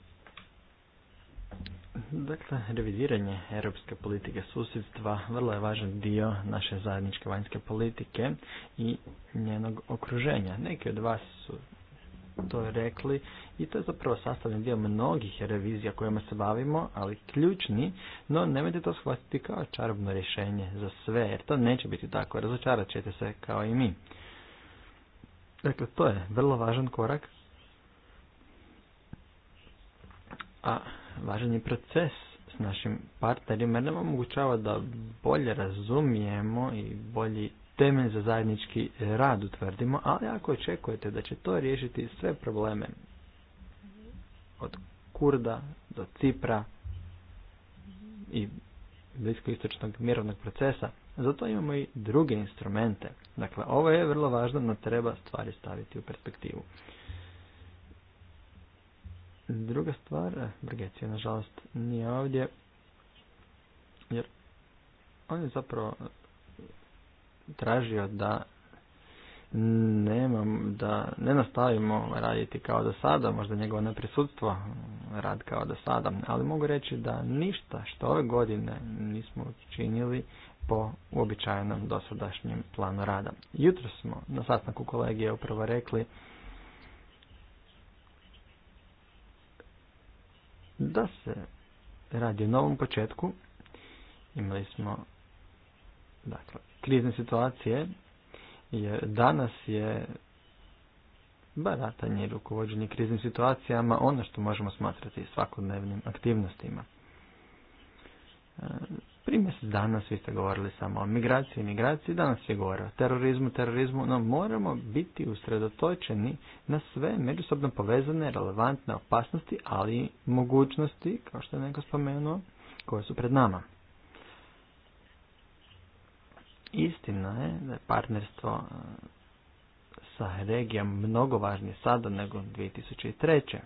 Dakle, reviziranje europske politike susjedstva vrlo je važan dio naše zajedničke vanjske politike i njenog okruženja. Neki od vas su to rekli i to je zapravo sastavni dio mnogih revizija kojima se bavimo, ali ključni, no nemojte to shvatiti kao čarobno rješenje za sve, jer to neće biti tako, razočarat ćete se kao i mi. Dakle, to je vrlo važan korak, a važan je proces s našim partnerima jer nam omogućava da bolje razumijemo i bolji temelj za zajednički e, rad utvrdimo, ali ako očekujete da će to riješiti sve probleme od Kurda do Cipra i bliskoistočnog mirovnog procesa, zato imamo i druge instrumente. Dakle, ovo je vrlo važno, no treba stvari staviti u perspektivu. Druga stvar, e, Brgecija nažalost nije ovdje, jer on je zapravo tražio da nemam, da ne nastavimo raditi kao do sada, možda njegovo neprisutstvo rad kao do sada, ali mogu reći da ništa što ove godine nismo učinili po uobičajenom dosadašnjem planu rada. Jutro smo na sastanku kolegije upravo rekli da se radi o novom početku. Imali smo dakle krizne situacije, jer danas je baratanje i rukovođenje kriznim situacijama ono što možemo smatrati svakodnevnim aktivnostima. E, Prije danas dana vi ste govorili samo o migraciji i migraciji, danas je govore o terorizmu, terorizmu, no moramo biti usredotočeni na sve međusobno povezane, relevantne opasnosti, ali i mogućnosti, kao što je neko spomenuo, koje su pred nama. Istina je da je partnerstvo e, sa regijom mnogo važnije sada nego 2003.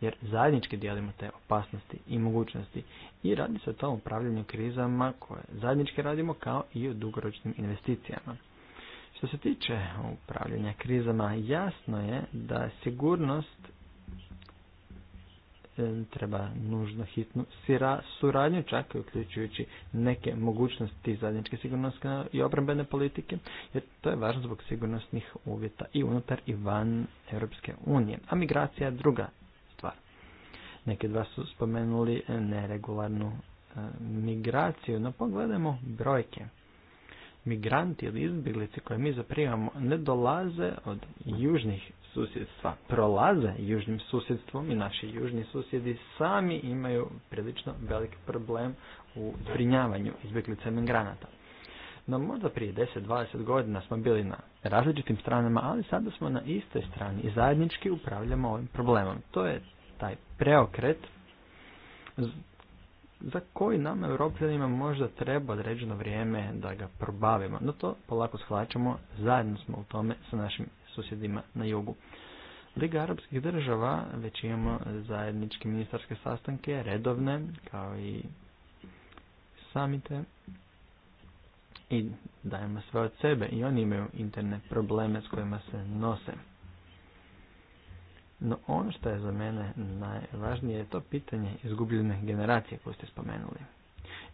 Jer zajednički dijelimo te opasnosti i mogućnosti i radi se o tom upravljanju krizama koje zajednički radimo kao i o dugoročnim investicijama. Što se tiče upravljanja krizama, jasno je da sigurnost E, treba nužno hitnu suradnju, čak uključujući neke mogućnosti zajedničke sigurnosne i obrambene politike, jer to je važno zbog sigurnosnih uvjeta i unutar i van Europske unije. A migracija je druga stvar. Neki dva su spomenuli e, neregularnu e, migraciju, no pogledajmo brojke. Migranti ili izbjeglice koje mi zaprimamo ne dolaze od južnih susjedstva prolaze južnim susjedstvom i naši južni susjedi sami imaju prilično velik problem u zbrinjavanju izbjeglica granata. No možda prije 10-20 godina smo bili na različitim stranama, ali sada smo na istoj strani i zajednički upravljamo ovim problemom. To je taj preokret za koji nam europljanima možda treba određeno vrijeme da ga probavimo. No to polako shvaćamo, zajedno smo u tome sa našim susjedima na jugu. Liga arapskih država već imamo zajedničke ministarske sastanke, redovne, kao i samite i dajemo sve od sebe i oni imaju interne probleme s kojima se nose. No ono što je za mene najvažnije je to pitanje izgubljene generacije koje ste spomenuli.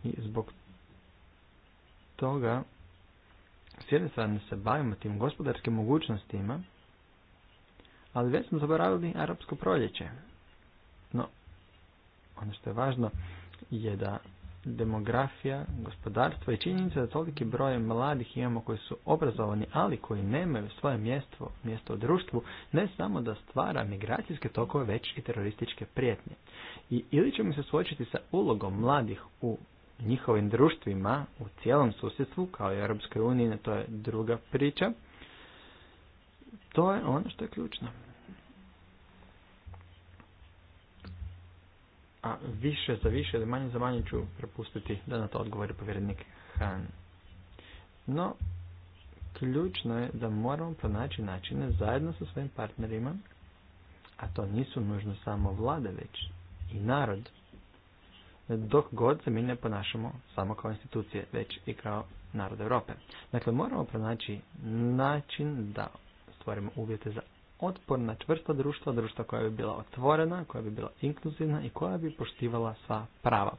I zbog toga s jedne strane se bavimo tim gospodarskim mogućnostima, ali već smo zaboravili arapsko proljeće. No, ono što je važno je da demografija, gospodarstvo i činjenica da toliki broj mladih imamo koji su obrazovani, ali koji nemaju svoje mjesto, mjesto u društvu, ne samo da stvara migracijske tokove, već i terorističke prijetnje. I ili ćemo se suočiti sa ulogom mladih u njihovim društvima u cijelom susjedstvu, kao i Europskoj uniji, to je druga priča. To je ono što je ključno. A više za više ili manje za manje ću prepustiti da na to odgovori povjerenik Han. No, ključno je da moramo pronaći načine zajedno sa svojim partnerima, a to nisu nužno samo vlade već i narod, dok god se mi ne ponašamo samo kao institucije, već i kao narod Europe. Dakle, moramo pronaći način da stvorimo uvjete za otporna čvrsta društva, društva koja bi bila otvorena, koja bi bila inkluzivna i koja bi poštivala sva prava.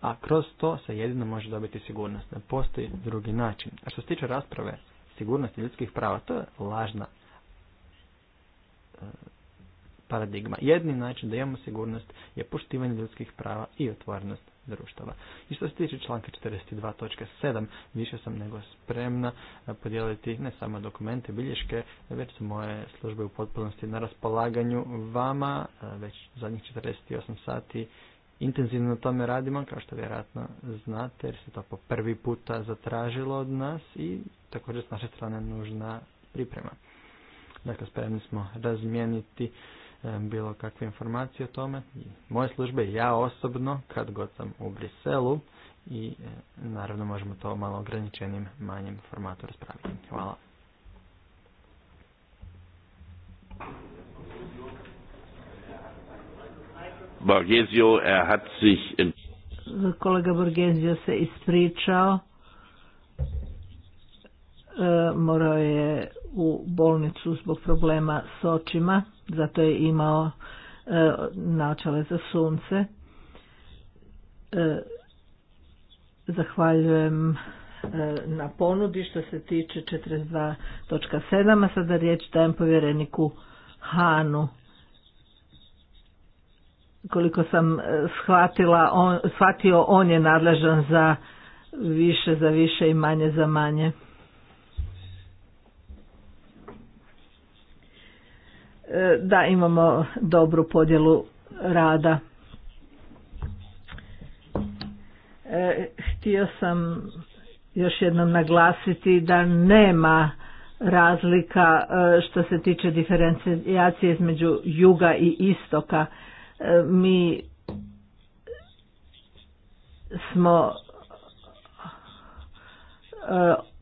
A kroz to se jedino može dobiti sigurnost. Ne postoji drugi način. A što se tiče rasprave sigurnosti ljudskih prava, to je lažna paradigma. Jedni način da imamo sigurnost je poštivanje ljudskih prava i otvorenost društava. I što se tiče članka 42.7, više sam nego spremna e, podijeliti ne samo dokumente, bilješke, već su moje službe u potpunosti na raspolaganju vama, e, već zadnjih 48 sati intenzivno na tome radimo, kao što vjerojatno znate, jer se to po prvi puta zatražilo od nas i također s naše strane nužna priprema. Dakle, spremni smo razmijeniti E, bilo kakve informacije o tome. Moje službe ja osobno, kad god sam u Briselu i e, naravno možemo to malo ograničenim manjem formatu raspraviti. Hvala. Borgesio, er hat sich in... Kolega Borgesio se ispričao. E, morao je u bolnicu zbog problema s očima zato je imao e, načale za sunce. E, zahvaljujem e, na ponudi što se tiče 42.7, a sada riječ dajem povjereniku Hanu. Koliko sam e, on, shvatio, on je nadležan za više za više i manje za manje. da imamo dobru podjelu rada. E, htio sam još jednom naglasiti da nema razlika e, što se tiče diferencijacije između juga i istoka. E, mi smo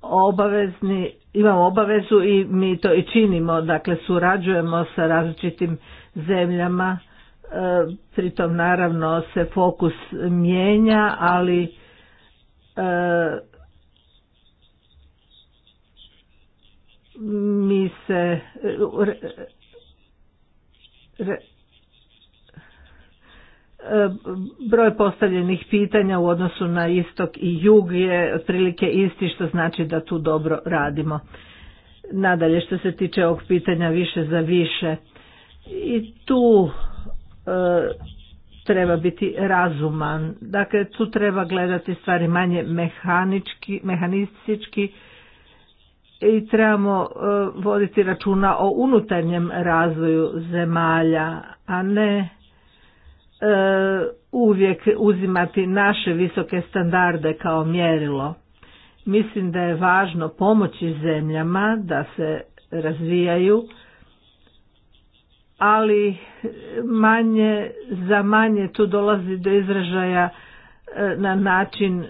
obavezni, imamo obavezu i mi to i činimo, dakle surađujemo sa različitim zemljama, e, pritom naravno se fokus mijenja, ali e, mi se broj postavljenih pitanja u odnosu na istok i jug je otprilike isti što znači da tu dobro radimo. Nadalje što se tiče ovog pitanja više za više i tu e, treba biti razuman. Dakle, tu treba gledati stvari manje mehanički, mehanistički i trebamo e, voditi računa o unutarnjem razvoju zemalja, a ne E, uvijek uzimati naše visoke standarde kao mjerilo. Mislim da je važno pomoći zemljama da se razvijaju, ali manje za manje tu dolazi do izražaja e, na način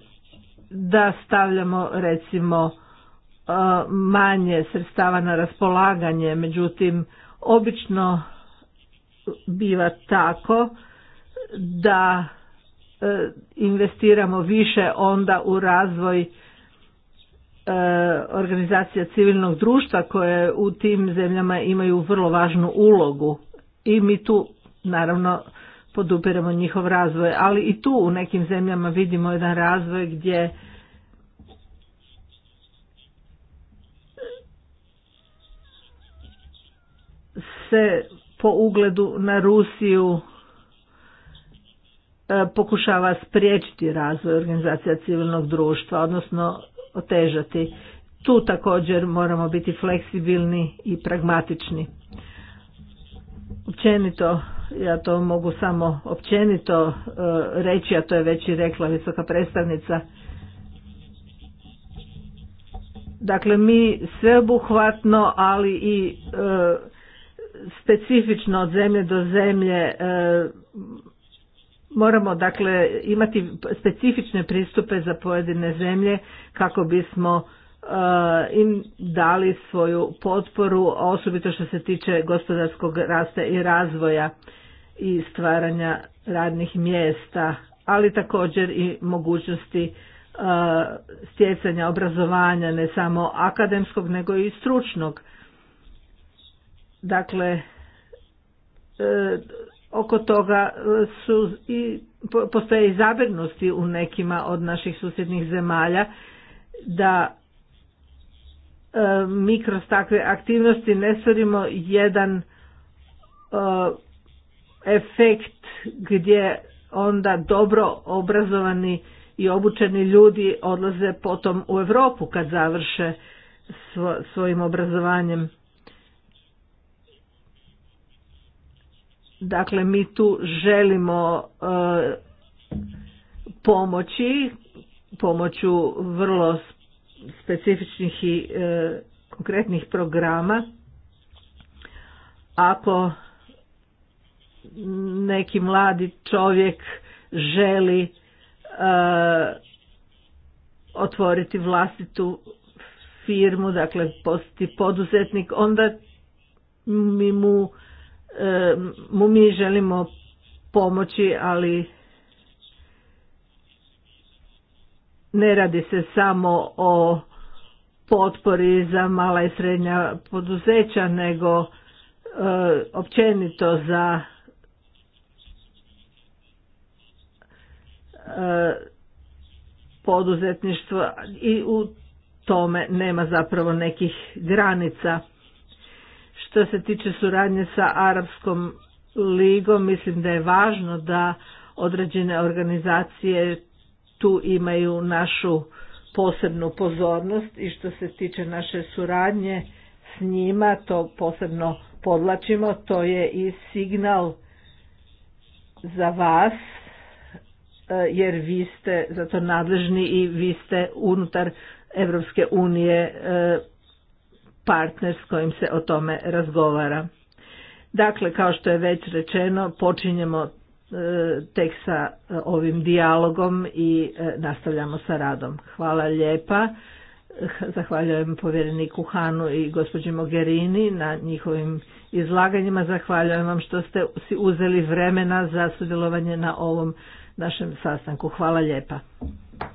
da stavljamo recimo e, manje sredstava na raspolaganje, međutim obično biva tako da e, investiramo više onda u razvoj e, organizacija civilnog društva koje u tim zemljama imaju vrlo važnu ulogu i mi tu naravno podupiramo njihov razvoj, ali i tu u nekim zemljama vidimo jedan razvoj gdje e, se po ugledu na Rusiju E, pokušava spriječiti razvoj organizacija civilnog društva, odnosno otežati. Tu također moramo biti fleksibilni i pragmatični. Općenito, ja to mogu samo općenito e, reći, a to je već i rekla visoka predstavnica, Dakle, mi sveobuhvatno, ali i e, specifično od zemlje do zemlje e, Moramo dakle imati specifične pristupe za pojedine zemlje kako bismo e, im dali svoju potporu, osobito što se tiče gospodarskog rasta i razvoja i stvaranja radnih mjesta, ali također i mogućnosti e, stjecanja obrazovanja, ne samo akademskog nego i stručnog. Dakle, e, oko toga e, su i postoje i zabrinutosti u nekima od naših susjednih zemalja da e, mi kroz takve aktivnosti ne stvorimo jedan e, efekt gdje onda dobro obrazovani i obučeni ljudi odlaze potom u Europu kad završe svojim obrazovanjem Dakle, mi tu želimo e, pomoći, pomoću vrlo specifičnih i e, konkretnih programa. Ako neki mladi čovjek želi e, otvoriti vlastitu firmu, dakle postati poduzetnik, onda mi mu mu mi želimo pomoći, ali ne radi se samo o potpori za mala i srednja poduzeća, nego e, općenito za e, poduzetništvo i u tome nema zapravo nekih granica. Što se tiče suradnje sa Arabskom ligom, mislim da je važno da određene organizacije tu imaju našu posebnu pozornost i što se tiče naše suradnje s njima, to posebno podlačimo, to je i signal za vas, e, jer vi ste zato nadležni i vi ste unutar Evropske unije e, partner s kojim se o tome razgovara. Dakle, kao što je već rečeno, počinjemo e, tek sa e, ovim dijalogom i e, nastavljamo sa radom. Hvala lijepa. Zahvaljujem povjereniku Hanu i gospođi Mogherini na njihovim izlaganjima. Zahvaljujem vam što ste si uzeli vremena za sudjelovanje na ovom našem sastanku. Hvala lijepa.